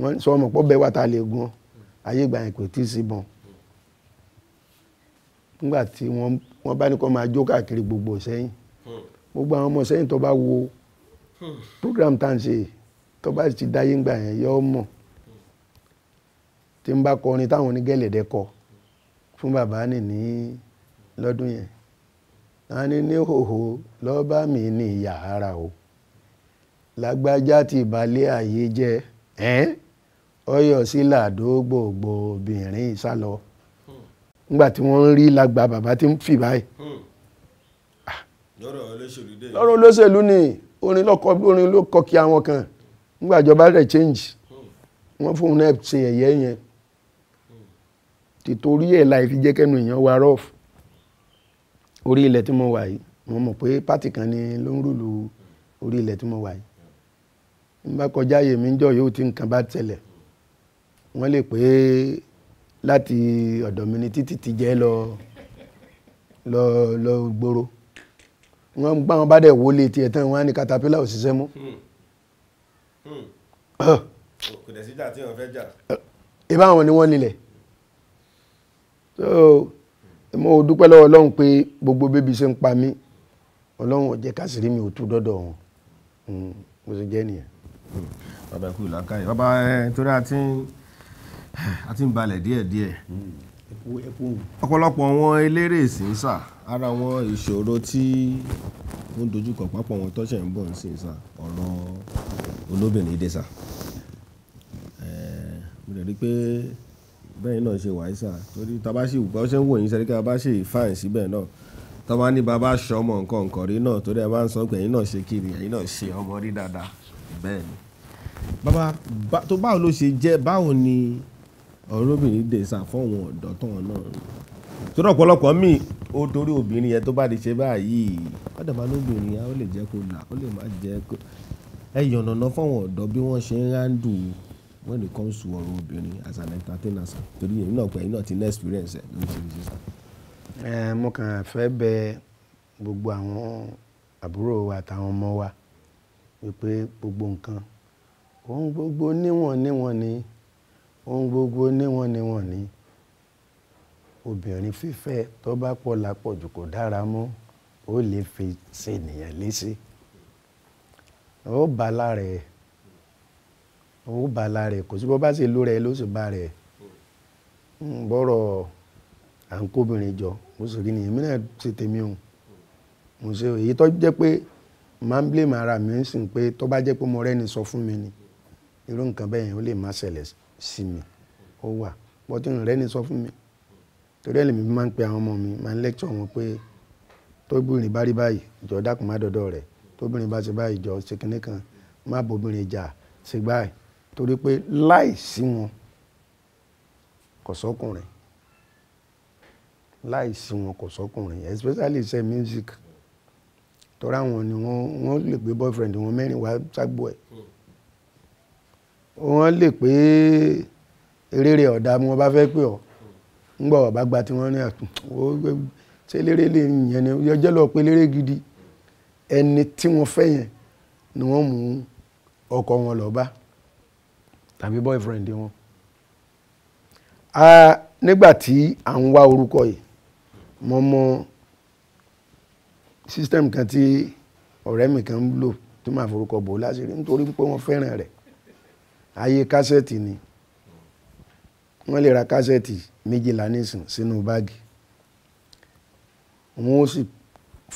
wọ́n sọ ọmọ pọ̀ bẹ́ẹ̀ wà tá a lè gun ọ́ ayé ìgbà yẹn kò tí ì síbọn nígbà tí wọ́n bá ní kó máa jó káàkiri gbogbo sẹ́yìn gbogbo àwọn ọmọ sẹ́yìn tó bá wo program tá à ń ṣe tó bá ti dáyé ńgbà yẹn yọ mọ̀ tí ń bá kọrin táwọn onígẹ̀lẹ̀dẹ́ kọ fún bàbá nì ní lọ́dún yẹn a ní ní hòhò lọ́ba mi ní ìyá ara o lágbájá ti balẹ̀ ayé jẹ́ ẹ́n. Eh? ọyọ sí làdó gbogbo obìnrin ìsálọ nígbà tí wọ́n ń rí lágbà bàbá tí ń fì báyìí. Ah. lọ́rọ̀ olóṣèlú ni orin lọ́kọ orin ló kọ kí àwọn kan nígbà rẹ̀ change wọ́n fóun náà ṣe ẹ̀yẹ yẹn tìtorí ẹ̀ láì fi jẹ́ kẹ́nu èèyàn wa rough orí ilẹ̀ tí mo wà yìí mo mọ̀ pé pátì kan ni ló ń rúlu orí ilẹ̀ tí mo wà yìí n bá kọjá yèmí jọ yóò ti nǹkan bá tẹ̀lẹ̀ wọ́n lè pé láti ọ̀dọ̀ mi ni títí ti jẹ́ lọ lọ lọ gbòòrò wọ́n gbá wọn bá dẹ̀ wọlé tiẹ̀ tán wọ́n á ní katapila ò mú. Hmm. Hmm. kò ni wọ́n nílẹ̀ so mo dúpẹ́ lọ́wọ́ ọlọ́run pé gbogbo bébí ṣe ń pa mí ọlọ́run jẹ́ káṣírí mi ò tú dọ́dọ̀ wọn hmm. mo sì jẹ́ nìyẹn. bàbá ikú làákàyè bàbá ẹ torí a a ti ń balẹ̀ díẹ̀díẹ̀ hmm. ọ̀pọ̀lọpọ̀ àwọn eléré ìsínsà ara àwọn ìṣòro tí wọ́n dojúkọ pápọ̀ wọn tọ́sẹ̀ ń bọ̀ ń sìn sá ọ̀rọ̀ olóbìnrin dé sá mo lè rí i pé bẹ́ẹ̀ náà ṣe wáyé sá torí tá a bá ṣe ìwúkọ́ ṣe ń wò yín sẹ́ríkà bá ṣe ìfáàn síbẹ̀ náà tá a bá ní bàbá aṣọ ọmọ nǹkan nǹkan rí náà torí ẹ máa ń sọ pé ẹ̀yin náà ṣe kiri ẹ̀yin náà ṣe ọmọ rí dáadáa bẹ́ẹ̀ ni. bàbá tó báwo ló ṣe jẹ́ báwo ni ọlọ́bìnrin dè sá fọ́wọn ọ̀dọ́ náà torí ọ̀pọ̀lọpọ̀ mi ó torí obìnrin yẹn tó bá di ṣe báyìí ọ̀dọ̀ lóbìnrin yẹn ó lè jẹ́ kó là ó lè má jẹ́ kó ẹ yànnàná fọ́wọn ọ̀dọ́ bí wọ́n ṣe ń ráńdù when it comes to ọ̀rọ̀ obìnrin as an entertainer sir torí èyí náà pé èyí náà ti ní experience ẹ̀ lórí ṣèlú sísá. ẹ mo kàn fẹ́ bẹ gbogbo àwọn àbúrò wa àtàwọn ọmọ wa wípé gbogbo nǹkan òun gbogbo níwọ̀n níwọ̀n ni. Wani, wani ohun gbogbo níwọ̀n níwọ̀n ni obìnrin fífẹ́ tó bá pọ̀ lápọ̀jù kò dára mọ́ ó lè fi ṣe ènìyàn léṣe ó bá lára ẹ̀ ó bá lára ẹ̀ kò sí bó bá ṣe ló rẹ̀ ló sì bá rẹ̀ ń à ń kóbìnrin jọ mo sì rí ni èmi náà ṣe tèmi o mo ṣe èyí tó jẹ́ pé màá ń blame ara mi ń sìn pé tó bá jẹ́ pé mo rẹ́ni sọ fún mi ni. Mm irú nǹkan bẹ́ẹ̀ yẹn ó lè má ṣẹlẹ̀ sí mi ó wà bọ́tí òun rẹ́ ni sọ fún mi torí ẹ̀ lèmi máa ń pe àwọn ọmọ mi máa ń lecture wọn pé tóbìnrin bá rí báyìí ìjọ dákun má dọ̀dọ̀ rẹ̀ tóbìnrin bá ṣe báyìí ìjọ ṣe kinní kan má bóbìnrin jà ṣe báyìí torí pé láì sí wọn kò sọ́kùnrin láì sí wọn kò sọ́kùnrin especially iṣẹ́ music torí àwọn ni wọ́n lè gbé boyfriend wọn mẹ́rin wá ságbó ẹ̀ wọ́n lè pé eléré ọ̀dà mi wọ́n bá fẹ́ pè ọ́ ńgbà ọ̀bá gba tí wọ́n ní àtún ṣé eléré lè yẹn ni yọjọ́ lọ pé eléré gidi ẹni tí wọ́n fẹ́ yẹn ni wọ́n mú ọkọ wọn lọ bá tàbí boyfriend wọn. nígbà tí à ń wá orúkọ yìí mo mọ system kan tí ọ̀rẹ́ mi kan ń lò tí màá forúkọ bò láṣìírí nítorí pé wọ́n fẹ́ràn rẹ̀ ayé kásẹ̀tì ni wọ́n lè ra kásẹ̀tì méjìlá nísìn sínú báàgì wọ́n ó sì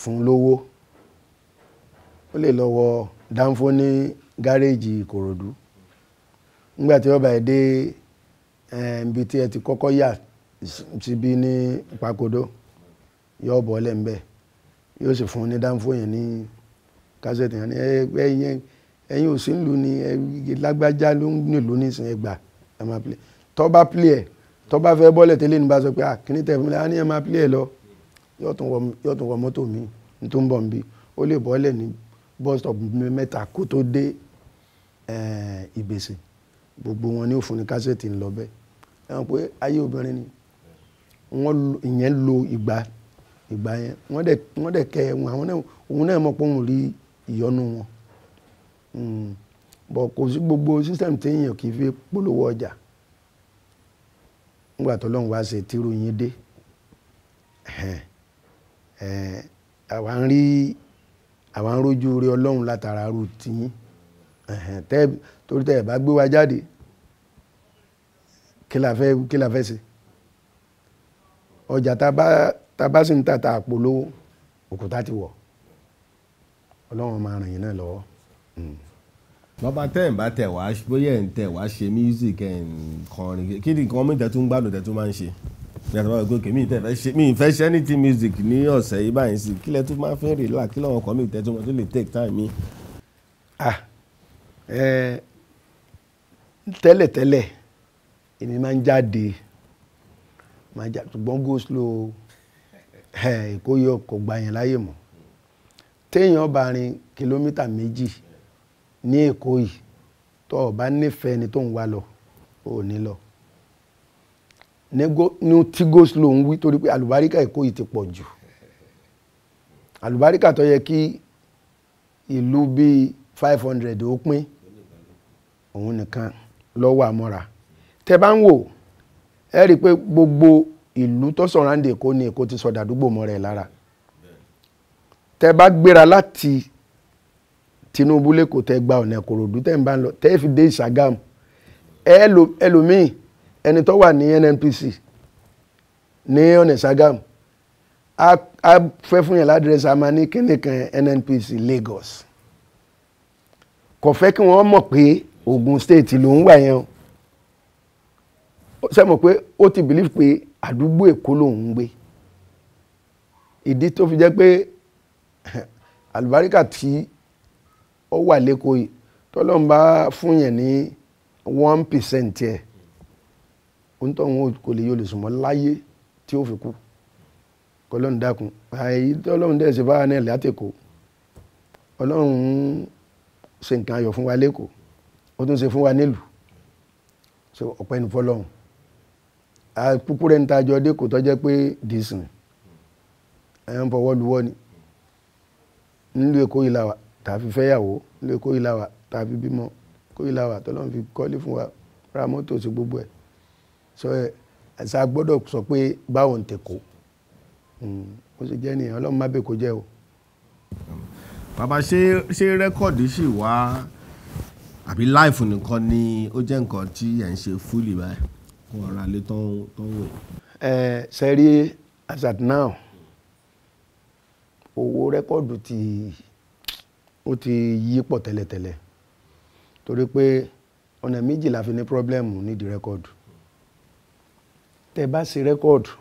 fún lówó ó lè lọ wọ dánfó ní gáréèjì ìkòròdú nígbà ọba ẹ̀ dé ibi tí ẹ ti kọ́kọ́ yà síbi ní pakodo yóò bọ́ lẹ́ńbẹ́ yóò sì fún ní dánfó yẹn ní kásẹ̀tì yẹn ní ẹgbẹ́ yẹn ẹ̀yin òsínlù ni lágbájá ló ń lò nísìn ẹgbà ẹ máa play tó bá play ẹ̀ tó bá fẹ́ bọ́lẹ̀ tẹ́lẹ̀ ní bá sọ pé àkíní tẹ̀ fún mi láwọn ní ẹ máa play ẹ̀ lọ yóò tún wọ mọ́tò mi tó ń bọ̀ nbí ó lè bọ́lẹ̀ ní bus mẹ́ta kó tó dé ìgbèsè gbogbo wọn ní òfin kásẹ̀tì ń lọ bẹ́ẹ̀ pé ayé obìnrin ni wọ́n ìyẹn lo ìgbà ìgbà yẹn wọ́n dẹ̀ kẹ́ ẹ̀ wọn àwọn náà òun náà mọ̀ pé òun rí ìyọnu wọn. Hmm. bọ̀ kò sí gbogbo system téèyàn kì í fi polówó ọjà nígbà tó lọ́hùn wá ṣe tírú yín dé àwa ń rí àwa ń rójú rí ọlọ́run látara rú tiyín torí tẹ́ ẹ̀ bá gbé wa jáde kí la fẹ́ kí la fẹ́ ṣe ọjà tá bá bá sì ń tà tá àpolówó òkúta ti wọ̀ ọlọ́run máa ràn yín náà lọ́wọ́ Mm. bàbá tẹ́yìn bá tẹ̀ wá bóyá ẹ̀ ń wá ṣe music ẹ̀ ń kọrin kí ni nǹkan mi tẹ̀ tún gbádùn tẹ̀ tún máa ń ṣe yàtọ̀ báwo gòkè mi tẹ̀ fẹ́ ṣe mi fẹ́ ṣe ní music ní ọ̀sẹ̀ yìí báyìí sí kí lẹ tún máa fẹ́ relax kí lọ́wọ́ kan mi tẹ̀ tún mọ̀ tó lè take time mi. ah ẹ tẹ́lẹ̀tẹ́lẹ̀ èmi máa ń jáde máa jáde ṣùgbọ́n go slow ẹ̀ kó yọ kò gbà yẹn láyè mọ́ téèyàn bá rin kìlómítà méjì ní èkó yìí tó o bá nífẹ̀ẹ́ ni tó ń wá lọ ò ní lọ ní tí go slow ń wí torí pé àlùbáríkà èkó yìí ti pọ̀ jù àlùbáríkà tó yẹ kí ìlú bíi five hundred ó pín òun nìkan lọ́wọ́ àmọ́ra tẹ bá ń wò ẹ rí i pé gbogbo ìlú tó sọ̀rọ̀ àǹdè èkó ni èkó ti sọ̀dà àdúgbò mọ́ rẹ̀ lára tẹ bá gbéra láti Tinubu lẹ́kọ̀ọ́ tẹ́ gba ọ̀nà Ìkòròdú tẹ́ ń bá ń lọ tẹ́ fi dé Ìsàgámù ẹlòmíì ẹni tó wà ní NNPC ní ọ̀nà Ìsàgámù a fẹ́ fún yẹn ládírẹ́sì a máa kíni kan NNPC Lagos kò fẹ́ kí wọ́n mọ̀ pé Ogun State ló ń wà yẹn o ṣe mọ̀ pé ó ti believe pé àdúgbò Èkó lòun ń gbé ìdí tó fi jẹ́ pé àlùbáríkà tí ó wà lẹ́kọ̀ọ́ yìí tọ́lọ́n bá fún yẹn ní one percent ẹ̀ òun tó òun kò lè yọ lè sùnmọ́ láyé tí ó fi kú kọlọ́n dákun àyè tọ́lọ́n dẹ̀ ṣe báwa náà látẹ̀kọ́ ọlọ́run ṣe nǹkan ayọ̀ fún wa lẹ́kọ̀ọ́ ó tún ṣe fún wa nílùú ṣe ọ̀pẹ́ ní fọlọ́run àkúkúrẹ́ ń tajọ dẹ́kọ̀ tó jẹ́ pé dìísìn ẹ̀ ń fọwọ́ luwọ́ ni nílùú èkó yìí la tàbí fẹ́yàwó lé kórìíra wa tàbí bímọ kórìíra wa tọ́lọ́run fi kọ́lé fún wa ra mọ́tò sí gbogbo ẹ̀ sọ ẹ àṣà gbọ́dọ̀ sọ pé báwo ń tẹ̀kọ́ hmm, ó sì jẹ́ nìyẹn ọlọ́run má bẹ̀ kó jẹ́ o. bàbá ṣé ṣé rẹ́kọ̀dì ṣì wá àbí láìfù nìkan ni ó jẹ́ nǹkan tí ẹ̀ ń ṣe fúlì báyìí fún ọ̀rọ̀ alẹ́ tó ń wò. ẹ ṣe rí as at now owó rẹ́kọ̀dù ti. Mm ó ti yí pọ̀ tẹ́lẹ̀tẹ́lẹ̀ torí pé ọ̀nà méjì la fi ní pírọ́blẹ́mù nídìí rẹ́kọ̀dù tẹ́ bá ṣe rẹ́kọ̀dù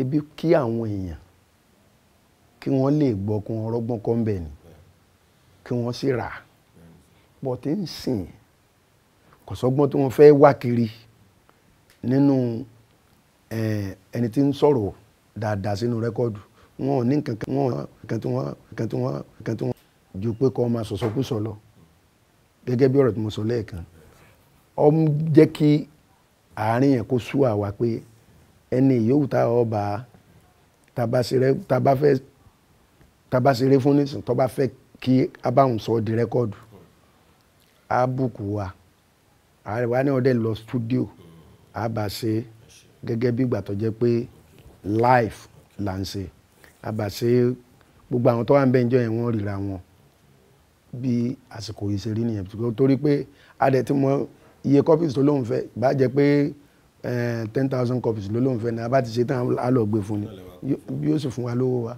ibi kí àwọn èèyàn kí wọ́n lè gbọ́ kí wọ́n rọ́gbọ́n kọ́ ń bẹ̀ ni kí wọ́n sì rà pọ̀ tí ń sìn kò sọ́gbọ́n tí wọ́n fẹ́ wá kiri nínú ẹni tí ń sọ̀rọ̀ dáadáa sínú rẹ́kọ̀dù wọn ò ní nǹkan wọn kan tí wọn kan wọn kan wọn ju pé kọ́ máa sọ̀sọ̀kúsọ lọ gẹ́gẹ́ bí ọ̀rọ̀ tí mo sọ lẹ́ẹ̀kan ọmú jẹ́ kí àárín yẹn kó sú àwa pé ẹni ìyóhù tá ọ bá taba ṣeré fún nísìn tó bá fẹ́ kí abáhùn sọ di rẹ́kọ́ọ̀dù ábùkù wa àríwá ní ọdẹ lọ stúdíò àbàṣe gẹ́gẹ́ bí ìgbà tó jẹ́ pé live là ń ṣe àbàṣe gbogbo àwọn tó wà ń bẹ́ ǹjọ́ yẹn wọ́n ríra wọn bí àsìkò yìí ṣe rí torí pé adẹ̀ tí mo iye copies tó lóun fẹ́ bá pé ten thousand copies ló lóun fẹ́ ni a bá ti ṣe tán á lọ gbé fún ni yóò sì fún wa lówó wa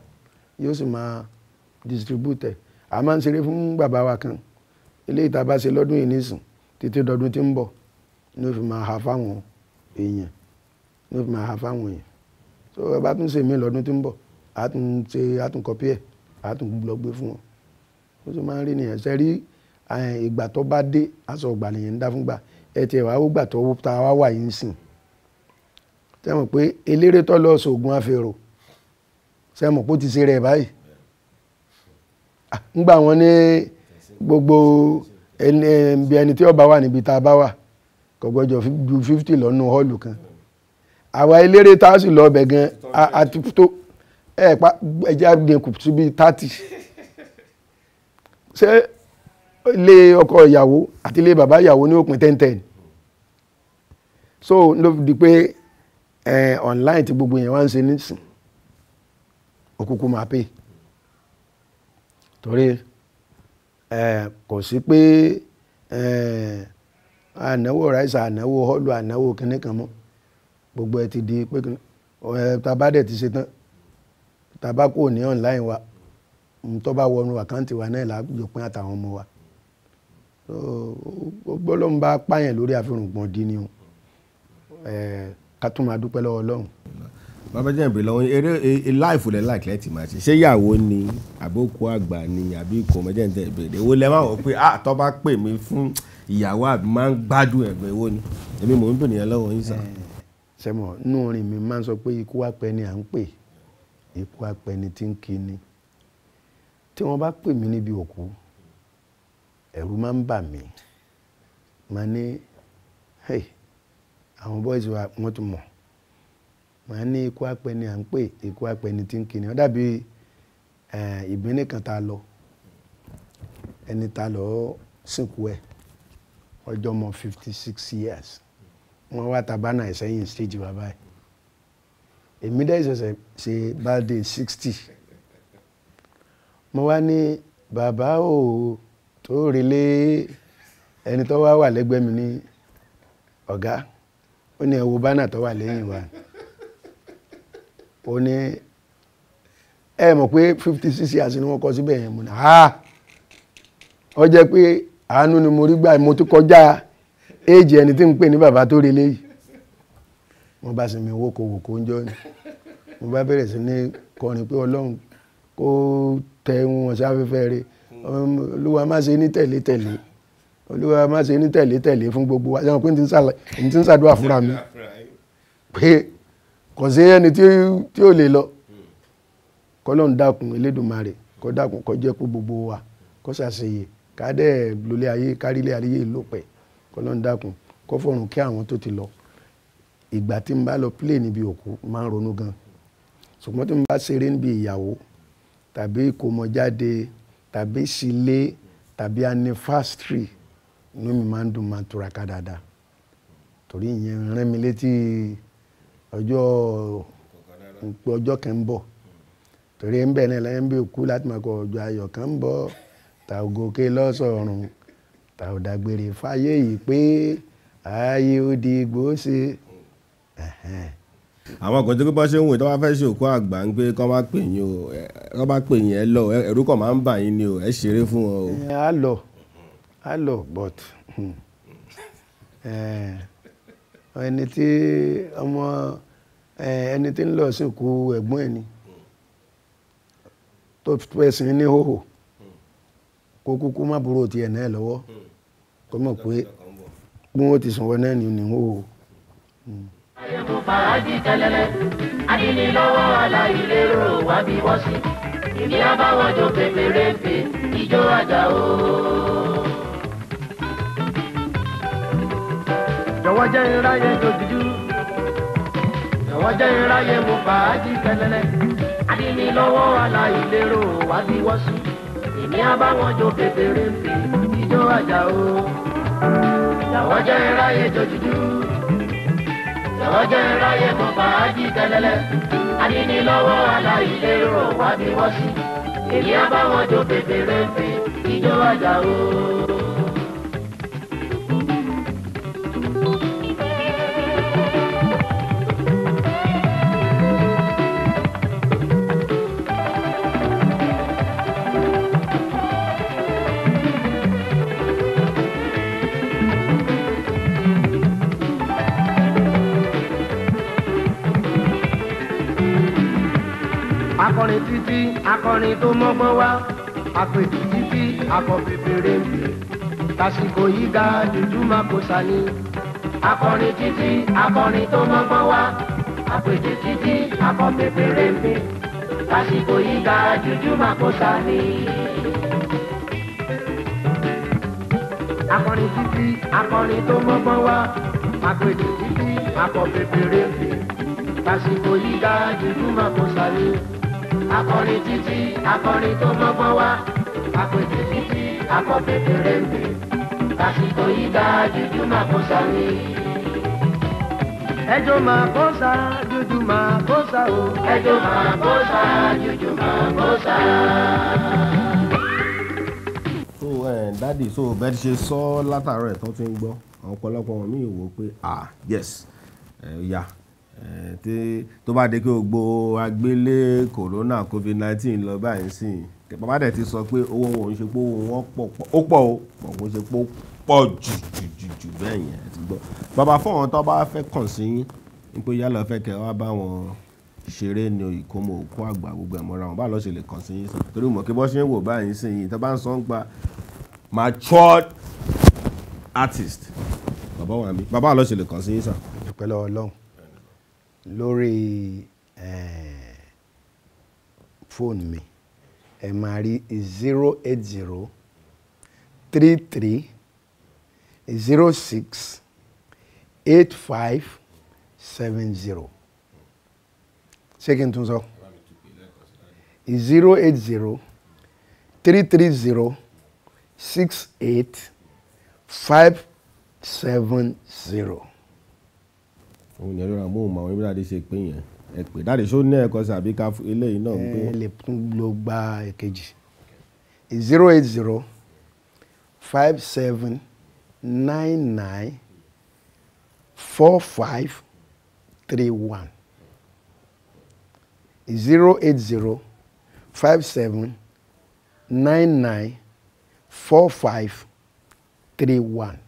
yóò sì máa distribute a máa ń ṣeré fún bàbá wa kan eléyìí tá a bá ṣe lọ́dún yìí nísìn títí dọdún tí ń bọ̀ ní o fi máa ha fáwọn èèyàn ní o fi máa ha fáwọn èèyàn so ẹ bá tún ṣe mí lọ́dún tí ń bọ̀ a tún ṣe a tún kọpí ẹ̀ a tún lọ gbé fún wọn ó sì máa ń rí nìyẹn ṣe rí ìgbà tó bá dé aṣọ ọgbà nìyẹn ń dá fúngbà ẹ tiẹ̀ wá ó gbà tó ta wá wà yín sìn sẹ́mọ̀ pé eléré tó lọ sògùn afẹ́rò sẹ́mọ̀ pé ó ti ṣe rẹ̀ báyìí ńgbà wọn ní gbogbo ẹni ẹni tí ó wà níbi tá a bá wà kò gbọ́dọ̀ ju fifty lọ́nu họ́ọ̀lù kan àwa eléré tá a sì lọ ọbẹ̀ gan ẹ pa ẹja dínkù sí bíi thirty ṣé ilé ọkọ ìyàwó àti ilé bàbá ìyàwó ní òpin ten ten so ló di pé ẹ online tí gbogbo yẹn wá ń ṣe nísìn òkùnkù máa pè torí ẹ kò sí pé ẹ ànáwó ráìsà ànáwó họ́ọ̀lù ànáwó kìnnìkan mọ́ gbogbo ẹ ti di pé ẹ tá ti ṣe tán tàbá ni ní online wa tó bá wọnú àkáǹtì wa náà lájọ pín àtàwọn ọmọ wa gbogbo ọlọ́run bá pààyàn lórí àfihàn dín ní o ká tún máa dúpẹ́ lọ́wọ́ ọlọ́run. bàbá jẹ́ ìbílẹ̀ wọn eré e, e, láìfò lẹ́ láìpẹ́ tì máa ṣe ṣé ni àbókù àgbà ni àbí ikò mẹ́jẹ̀ ń tẹ̀ ìbéèrè èwo pé ah tó bá pè mí fún ìyàwó àbí máa ń gbádùn ẹ̀gbẹ́ èwo ni èmi mò ń dùn nìyẹn lọ́wọ́ yín sá. sẹ́mọ̀ nínú orin mi máa ń sọ pé ikú wá pẹ́ ni à ń pè ikú apẹni tí ń kíni tí wọ́n bá pè mí níbi òkú ẹ̀rù máa ń bà mí máa ní hey àwọn boys wa wọ́n ti mọ̀ máa ní ikú apẹni à ń pè ikú apẹni tí ń kíni ó dàbí ìbínú kan tá a lọ ẹni tá a lọ sìnkú ẹ̀ ọjọ́ mọ́ fifty six years wọ́n wá tabana ẹ̀sẹ̀yìn stage bàbá yìí. èmi dẹ́ ìṣẹ̀ṣẹ̀ ṣe birthday sixty mo wá ní bàbá o tó relé ẹni tó wá wà lẹ́gbẹ́ mi ní ọ̀gá ó ní ẹ bánà tó wà lẹ́yìn wa ní ẹ mọ̀ pé fifty six years ni wọ́n kọ síbẹ̀ yẹn mo ní ha ọ jẹ́ pé àánú ni mo rí gbà mo kọjá éèjì ẹni tí ń pè ní bàbá tó relé yìí wọ́n bá sinmi wókòwòkò ń jọ ni mo bá bẹ̀rẹ̀ sí ní kọrin pé ọlọ́run kó tẹ wọn sáfẹ́fẹ́ rẹ̀ olúwa má ṣe ní tẹ̀lé tẹ̀lé olúwa má ṣe ní tẹ̀lé tẹ̀lé fún gbogbo wa ṣáà pé n ti ń ṣàdúrà fúnra mi pé kò sí ẹni tí ò lè lọ kọ́lọ́n dákun elédùnmarè kó dákun kó jẹ́ kó gbogbo wa kó ṣàṣeyè ká dẹ̀ lólé ayé kárílé ayé lópẹ́ kọ́lọ́n dákun kó fọ̀run kí àwọn tó ti lọ ìgbà tí n bá lọ play níbi òkú máa ń ronú gan ṣùgbọ́n tí n bá ṣeré níbi ìyàwó tàbí ìkómọjáde tàbí sílé tàbí anniversary inú mi máa ń dùn máa ń túraká dáadáa torí ìyẹn rán mi létí ọjọ́ ọjọ́ kan ń bọ̀ torí ń bẹ̀ náà lẹ́yìn bí òkú láti máa kọ ọjọ́ ayọ̀ kan ń bọ̀ ta ò gòkè ta ò dàgbére yìí pé ayé ó gbòóṣe àwọn kan tó kí bá ṣe ń wò tó bá fẹ́ ṣe òkú àgbà ń kọ́ bá pè yín o kọ́ bá pè yín ẹ ni o ẹ ṣeré fún wọn o. a lọ a lọ but hmm, ẹni tí ọmọ ẹni tí ń lọ sìnkú ẹ̀gbọ́n ẹ̀ ni tó pẹ̀sìn ní hòhò kó kúkú má burú tiẹ̀ náà lọ́wọ́ kó mọ̀ pé bí wọ́n ti ni hòhò. Hmm. epo fàájì tẹ́lẹ́lẹ́ adínilọ́wọ́ aláìlérò wá bí wọ́n sí ìní abáwọ́jọ pèpèrèpè ìjó àjà o. jọ̀wọ́ jẹ́ iráyé jòjújú jọ̀wọ́ jẹ́ iráyé mo fàájì tẹ́lẹ́lẹ́ adínilọ́wọ́ aláìlérò àjà o. jọ̀wọ́ jẹ́ iráyé jòjújú ọjọ́ ìráyè tó fàájì tẹ́lẹ́lẹ́ adínilọ́wọ́ aláìlérò wá bí wọ́n sí èyí á bá wọn jó bèbèrè ń fi ìjọ ọjà ooo. akọrin tó mọ́gbọ́n wá àpètù títí akọ̀fẹ̀fẹ̀rẹ̀ ń bè tásìkò yìí ga jùjú máa kó sani. akọrin títí akọrin tó mọ́gbọ́n wá àpètù títí akọ̀fẹ̀fẹ̀rẹ̀ ń bè tásìkò yìí ga jùjú máa kó sani. akọrin títí akọrin tó mọ́gbọ́n wá àpètù títí akọ̀fẹ̀fẹ̀rẹ̀ ń bè tásìkò yìí ga jùjú máa kó sani akọrin títí akọrin tó mọ́gbọ́n wá àpètè títí akọ́pètè rẹ̀ ń bè àsìkò yìí ká jújú máa kó sa ni. ẹjọ́ máa kó sa jújú máa kó sa o. ẹjọ́ máa kó sa jújú máa kó sa. so dádì so bẹ́ẹ̀ ti ṣe sọ látàárọ̀ ẹ̀ tán ti ń gbọ́ ọ̀pọ̀lọpọ̀ mi ò wò ó pé ah yes ẹ̀ ya. Yeah Eh, tí tó bá dé pé gbogbo agbélé corona covid nineteen lọ báyìí sí i bàbá dẹ̀ ti sọ pé owó wọn ò ń ṣe pé owó wọn pọ̀ ó pọ̀ o pọ̀ kó ṣe pé ó pọ̀ jù jù jù jù bẹ́ẹ̀ yẹn ti gbọ́ bàbá fún àwọn tó bá fẹ́ kàn sí yín pé yálà fẹ́ kẹ́ wá bá wọn ṣeré ni ìkómọ òkú àgbà gbogbo ẹ̀ mọ́ra wọn báwo lọ́ọ́ ṣe lè kàn sí yín sí torí mọ̀ kí bọ́ ṣe ń wò báyìí sí yín tó bá ń sọ ń gba matured artist bàbá wa mi bàbá lọ́ọ́ ṣe lè kàn sí yín sà. ìpẹ́lẹ̀ ọlọ́run lórí fóònù mi ẹ máa rí zero eight zero three three zero six eight five seven zero ṣé kí n tún sọ zero eight zero three three zero six eight five seven zero òun ni ẹ̀rọ amóhùnmáwòrán bí dáadé ṣe pé yẹn ẹ pè dáadé ṣó ní ẹ̀kọ́ sí àbíká eléyìí náà ẹ lè tún lọ gba èkejì zero eight zero five seven nine nine four five three one zero eight zero five seven nine nine four five three one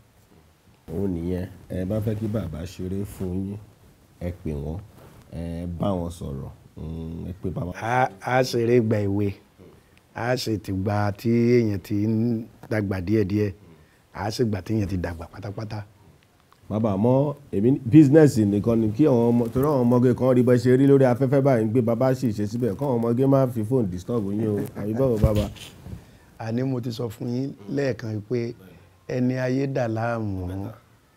òun nìyẹn. Ẹ bá fẹ́ kí bàbá ṣeré fún yín, ẹ pè wọ́n, ẹ bá wọn sọ̀rọ̀, ẹ pé bàbá. A ṣeré ìgbà èwe, a ṣe tìgbà tí èèyàn ti ń dàgbà díẹ̀díẹ̀, a ṣe ìgbà tí èèyàn ti dàgbà pátápátá. Bàbá mọ́ èmi business nìkan ni kí àwọn ọmọ, torí àwọn ọmọge kan rí bọ́ ṣe rí lórí afẹ́fẹ́ báyìí pé bàbá sì ṣe síbẹ̀, kí àwọn ọmọge má fi phone disturb yín o, àbí báwo bàbá? Àní mo ti sọ fún yín lẹ́ẹ̀kan pé ẹni ayé dà láàmú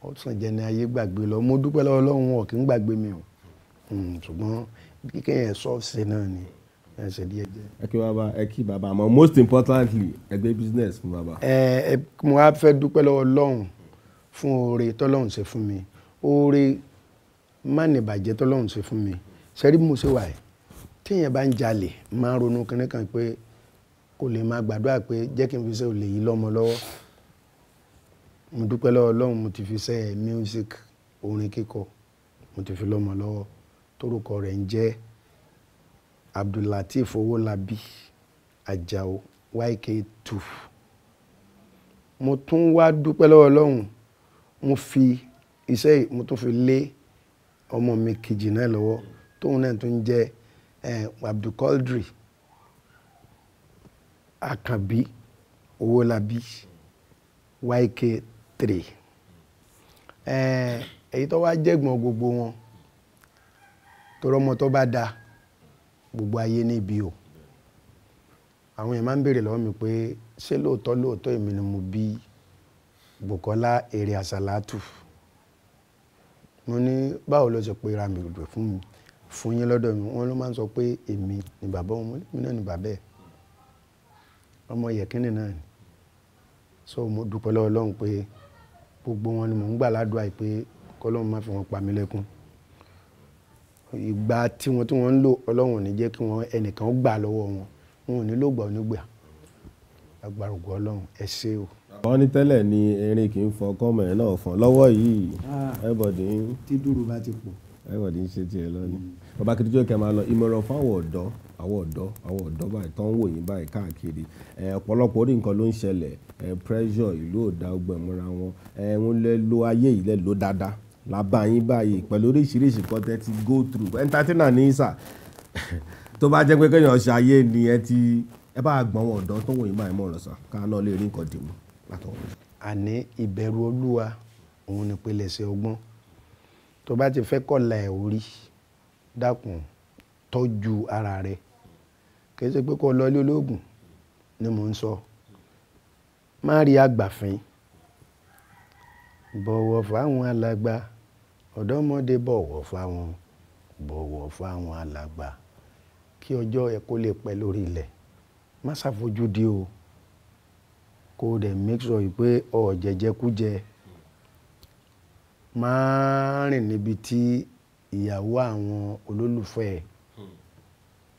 ó sàn jẹ́ ayé gbàgbé lọ mo dúpẹ́ lọ́wọ́ Ọlọ́run wọn kì í gbàgbé mi o hmm, ṣùgbọ́n kíkẹ́ yẹn sọ́ọ̀sì náà ni ẹ díẹ̀ díẹ̀. ẹ kí bàbá ẹ kí bàbá àmọ́ most importantly ẹgbẹ́ business fún bàbá. ẹ ẹ mo á fẹ́ dúpẹ́ lọ́wọ́ Ọlọ́run fún oore tọ́lọ́run ṣe fún mi oore má ní ìbàjẹ́ tọ́lọ́run ṣe fún mi ṣẹ́rí mo ṣe wà ẹ́ téèyàn bá ń jalè máa ronú kínní kan pé kò lè máa gbàdúrà pé jẹ́ kí n fi ṣe olè yìí lọ́mọ lọ́wọ́ mo dúpẹ́ lọ́wọ́ ọlọ́run mo ti fi ṣe music orin kíkọ mo ti fi lọ́mọ lọ́wọ́ tórúkọ rẹ̀ ń jẹ́ abdullateef owólabí ajao yk two mo tún wá dúpẹ́ lọ́wọ́ ọlọ́run mo fi iṣẹ́ mo tún fi lé ọmọ mi kejì náà lọ́wọ́ tóun náà tún jẹ́ abdulkaldri àkànbí owólabí yk2 three èyí tó wá jẹ́gbọ́n gbogbo wọn torọ́ ọmọ tó bá da gbogbo ayé níbi o àwọn èèyàn máa ń béèrè lọ́wọ́ mi pé ṣé lóòótọ́ lóòótọ́ èmi ni mo bí Bùkọ́lá èrè àṣàlátù mo ní báwo ló ṣe pé ra mi rògbè fún mi fún yín lọ́dọ̀ mi wọ́n ló máa ń sọ pé èmi ni bàbá òun mi náà ni bàbá ẹ̀ ọmọ yẹ̀kínì náà ni so mo dúpẹ́ lọ́wọ́ Ọlọ́run pé gbogbo wọn ni mò ń gbà ládùúgbà pé kọ́lọ́run má fi wọn pa mí lẹ́kún ìgbà tí wọn tí wọn ń lò ọlọ́run ò ní jẹ́ kí wọn ẹnìkan gbà lọ́wọ́ wọn wọn ò ní lò gbà onígbà agbára ọlọ́run ẹ ṣé o. wọ́n ní tẹ́lẹ̀ ni erin kì í fọ kọ́mọ̀ ẹ̀ náà fọ́n lọ́wọ́ yìí ah. everybody ń. tí dúró bá ti pọ̀. everybody ń ṣe tiẹ̀ lọ́nìí. bàbá kìtìjọ́ kẹ́ máa lọ ìmọ̀ràn fáwọn ọ̀dọ́ àwọn ọ̀dọ́ àwọn ọ̀dọ́ báyìí tó ń wò yín báyìí káàkiri ọ̀pọ̀lọpọ̀ orí nǹkan ló ń ṣẹlẹ̀ pressure ìlú ò dá ọgbẹ́ wọn wọ́n lè lo ayé yìí lè lo dáadáa lábá yín báyìí pẹ̀lú oríṣiríṣi kan tẹ́ ti go through entertainer ní sà tó bá jẹ́ pé kéèyàn ṣe ayé ni ẹ ti ẹ bá gbọ́n wọn ọ̀dọ́ tó wò yín báyìí mọ̀ tọ́jú ara rẹ̀ kì í ṣe pé kó lọ ilé olóògùn ni mò ń sọ má rí àgbàfin bọ̀wọ̀ fáwọn alàgbà ọ̀dọ́mọdé bọ̀wọ̀ fáwọn bọ̀wọ̀ fáwọn alàgbà kí ọjọ́ ẹ kó lè pẹ́ lórí ilẹ̀ má ṣàfojúdi o kó o dẹ̀ make sure pé ọ̀ jẹjẹkújẹ máa rìn níbi tí ìyàwó àwọn olólùfẹ́ hmm.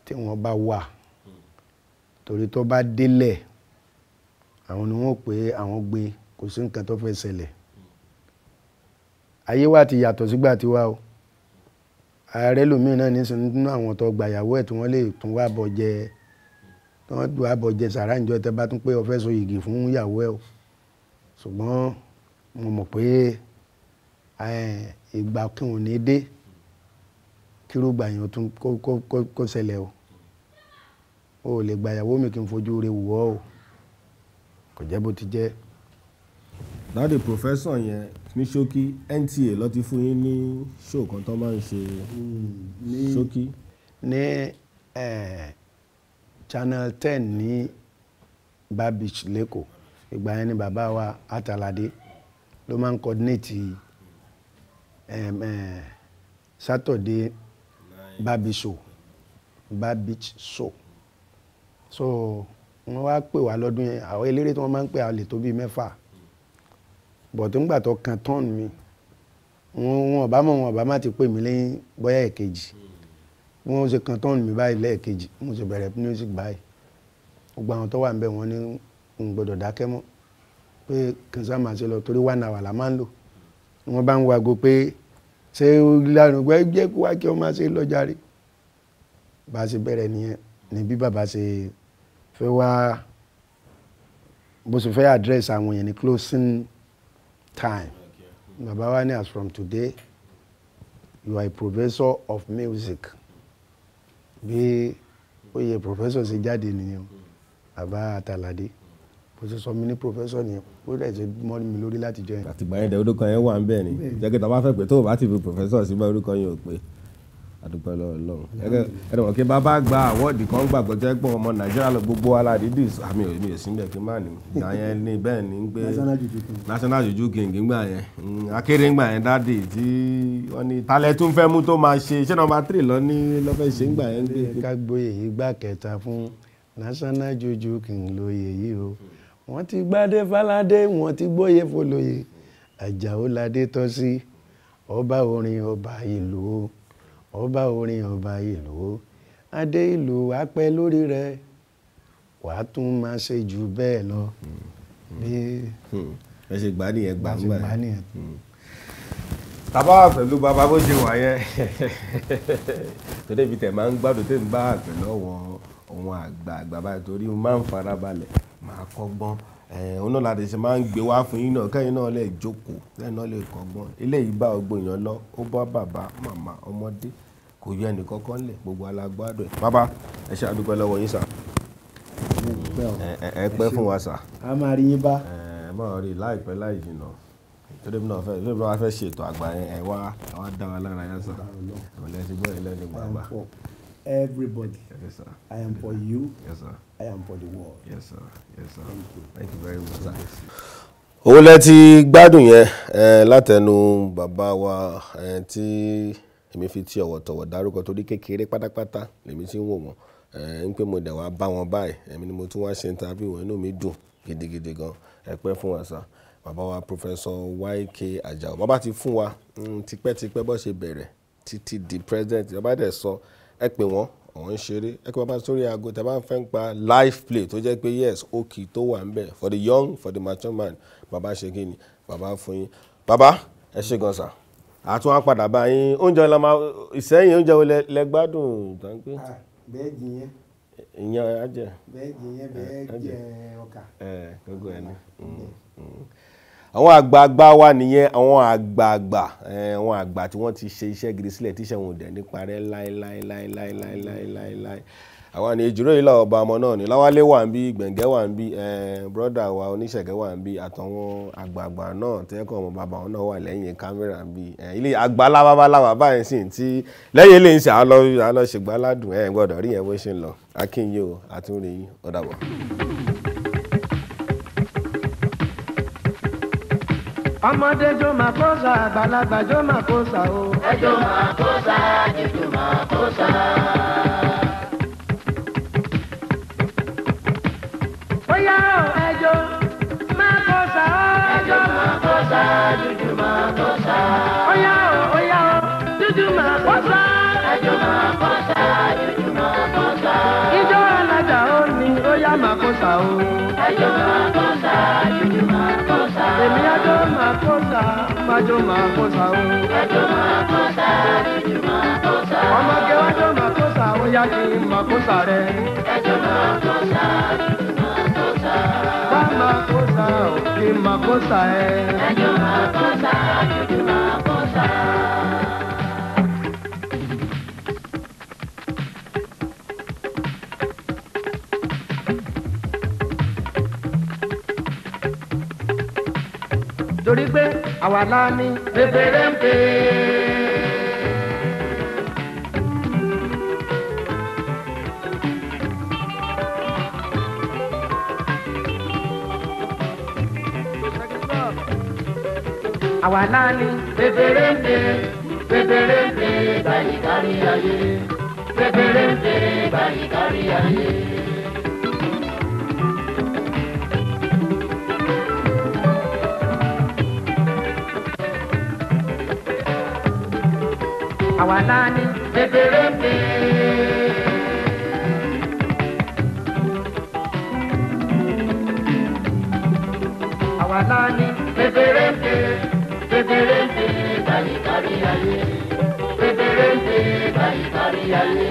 tí wọ́n bá wà torí tó bá délẹ̀ àwọn ni wọ́n pé àwọn gbé kò sí nǹkan tó fẹ́ ṣẹlẹ̀ ayé wa ti yàtọ̀ sígbà tí wa o ààrẹ lòmíì náà nísìnyí nínú àwọn tó gba ìyàwó ẹ̀ tí wọ́n lè tún wá bọ̀ jẹ tí wọ́n wá bọ̀ jẹ sàrà ìjọ tẹ bá tún pé ó so yìgì fún ìyàwó ẹ̀ o ṣùgbọ́n mo mọ̀ pé ìgbà kí n ò ní dé kírúgbà yẹn kó ṣẹlẹ̀ o o ò lè gba ìyàwó mi kí n fojú rẹ wù o kò jẹ́ bó ti jẹ́. dáàdi professor yẹn ní ṣókí NTA ló ti fún yín ní ṣóò kan tó máa ń ṣe ṣókí. ní channel ten ní bar beach lẹ́kọ̀ọ́ ìgbà yẹn ni bàbá wa Àtàládé ló máa ń coordinate Saturday bar beach show bar show so wọ́n wá pè wá lọ́dún yẹn àwọn eléré tí wọ́n máa ń pè àlè tó bíi mẹ́fà bọ̀tún gbà tó kan tọ́ọ̀nù mi wọn ọba mọ̀ wọn ọba má ti pè mí lẹ́yìn bọ́yá ẹ̀kejì wọ́n ṣe kan tọ́ọ̀nù mi báyìí lẹ́ẹ̀kejì mo ṣe bẹ̀rẹ̀ music báyìí gbogbo àwọn tó wà ń bẹ̀ wọ́n ní n gbọ́dọ̀ dákẹ́ mọ́ pé kí n sá máa ṣe lọ torí wà náà wà lá máa ń lò wọ́n bá ń wago pé ṣé lánàá gbọ́ jẹ́ kó wá kí wọ́n máa ṣe lọ́jàre bá ṣe bẹ̀rẹ̀ nìyẹn ni bí bàbá ṣe fẹ́ wá bó ṣe fẹ́ address àwọn yẹn ní closing time bàbá wa ní as from today you are a professor of music bí oyè professor ṣe jáde nìyẹn bàbá àtàlàdé bó ṣe sọ mí ní professor nìyẹn ó dẹ̀ ṣe mọ́ mi lórí láti jọ yẹn. àtìgbà yẹn dẹ orúkọ yẹn wà ń bẹ̀ ni jẹ́ kí tá a bá fẹ́ pé tó o bá ti fi professor sí bá orúkọ yẹn ò pé adúpẹ́ lọ́wọ́ lọ́wọ́ ẹ̀rọ kí bàbá gba àwọ́ọ̀dì kan gbàgbọ́ jẹ́ pọ̀ ọmọ nàìjíríà lọ gbogbo aládìídì àmì òní ìsìnbẹ̀ kí má ní ìgbà yẹn ní bẹ́ẹ̀ ni ń gbé national juju king ńgbà yẹn hmm, akéré ńgbà yẹn dáàdì tí wọ́n ní talẹ̀ tún fẹ́ mú tó máa ṣe ṣé nọ́mbà tírì lọ ní lọ́fẹ́ ṣe ńgbà yẹn gbé. kágbóyè yìí gbà kẹta fún national juju king lóye yìí o wọ́n ti gbádé fáládé wọ́n ti gbóyè fọlọ́yè àjàó ládé tọ́ sí ọba orin ọba ìlú o ọba orin ọba ìlú adé ìlú apẹ́ lórí rẹ̀ wàá tún máa ṣe jù bẹ́ẹ̀ lọ. Hmm. Hmm. ẹ ṣe gbá nìyẹn gbá nìyẹn. Hmm. tàbá wà pẹ̀lú bàbá bó ṣe wà yẹn tó débi tẹ̀ máa ń gbádùn tẹ̀ ń bá àgbẹ̀ lọ́wọ́ ohun àgbà báyìí torí mo máa ń farabalẹ̀ máa kọ́gbọ́n òun náà láti ṣe máa ń gbé wá fún yín náà kẹ́yìn náà lè jókòó lẹ́yìn náà lè kọ́gbọ́n eléyìí bá ọgbọ́n èèyàn lọ ó bá bàbá màmá ọmọdé kò yọ ẹnì kankan lẹ̀ gbogbo alágbádùn ẹ̀ bàbá ẹ ṣe àdúpẹ́ lọ́wọ́ yín sà ẹ pẹ́ fún wa sà. a máa rí yín bá. ẹ máa rí láìpẹ́ láì jìnnà torí mi náà fẹ́ torí mi náà fẹ́ ṣètò àgbà yẹn ẹ wá ẹ wá dá wa lára yẹn sà ẹ everybody. Yes, sir. I am for you. Yes, sir. I am for the world. Yes, sir. Yes, sir. Thank you. Thank you very much, sir. owó lẹ ti gbádùn yẹn látẹnu bàbá wa tí èmi fi ti ọ̀wọ̀tọ̀wọ̀ dárúkọ torí kékeré pátápátá lèmi ti ń wò wọ́n ń pè mo dẹ̀ wá bá wọn báyìí èmi ni mo tún wá ṣe ń tàbí wọn inú mi dùn gidigidi gan ẹ pẹ́ fún wa sá bàbá wa Professor YK Ajao bàbá ti fún wa mm, tipẹ́tipẹ́ bó ṣe bẹ̀rẹ̀ títí di president bàbá dẹ̀ sọ. So, ẹ pè wọ́n àwọn ń ṣeré ẹ pè bàbá sórí aago tẹ bá ń fẹ́ ń pa live play tó jẹ́ pé yes ó kì í tó wà ń bẹ̀ for the young for the mature man bàbá ṣe kí ni bàbá fún yín bàbá ẹ ṣe gan sa àtún á padà bá yín oúnjẹ la máa ìsẹ́yìn oúnjẹ wo lẹ gbádùn tàǹgbé. bẹ́ẹ̀ jì yẹn. ìyẹn ajẹ. bẹ́ẹ̀ jì yẹn bẹ́ẹ̀ jẹ ọkà. ẹ gbogbo ẹ ní àwọn àgbààgbà wa nìyẹn àwọn àgbààgbà àwọn àgbà tí wọ́n ti ṣe iṣẹ́ gidi sílẹ̀ tíṣẹ́ wọn ò dẹ̀ nípa rẹ̀ láéláéláéláéláéláéláé àwọn àni ìjírò yìí làwọn ọba ọmọ náà ní láwálé wà ń bí gbẹ̀ngẹ́ wà ń bí broda wa oníṣẹ̀gẹ́ wà ń bí àtàwọn àgbààgbà náà tẹ́kọ̀ ọmọ bàbá wọn náà wà lẹ́yìn kámẹ́rà ń bí ilé àgbàlá babaláwa báyìí sì ti lẹ́yìn ilé ìsìn àlọ́ ṣègbàládùn ẹ̀ gbọ́dọ̀ rí yẹn bó ṣe ń lọ akínyìn o àtúnrẹ́yìn ó dàbọ̀. ọmọdé jó máa kó sa àgbàlagbà jó máa kó sa o. ẹ jó máa kó sa jíjó máa kó sa. ó yá o ẹ jó máa kó sa o. ẹ jó máa kó sa jíjó máa kó sa. ó o ó o jíjó máa kó sa. ẹ máa kó sa jíjó máa kó sa. ijó alájà ó ní ó máa kó sa o. ẹ máa kó sa jíjó máa kó sa èmi àjọ máa kọ́sà májọ máa kọ́sà o. májọ máa kọ́sà jùjú máa kọ́sà. ọmọge wájọ máa kọ́sà ó yá kí n máa kọ́sà rẹ. májọ máa kọ́sà jùjú máa kọ́sà. bá máa kọ́sà ó kí n máa kọ́sà ẹ. májọ máa kọ́sà jùjú. àwa náà ní. pépèrèmpé. àwa náà ní. pépèrèmpé pépèrèmpé báyìí kárí ayé pépèrèmpé báyìí kárí ayé. àwa náà ní bèbèrè mi. àwa náà ní bèbèrè mi bèbèrè mi báyìí kárí ayé bèbèrè mi báyìí kárí ayé.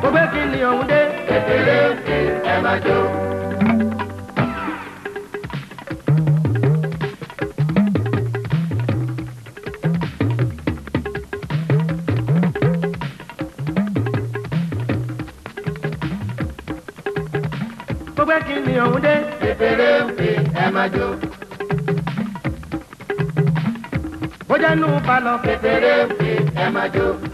mo fẹ́ kí ni òun mi ẹ máa jó. máa jó. bójá nù balọ̀ kékeré ẹ máa jó.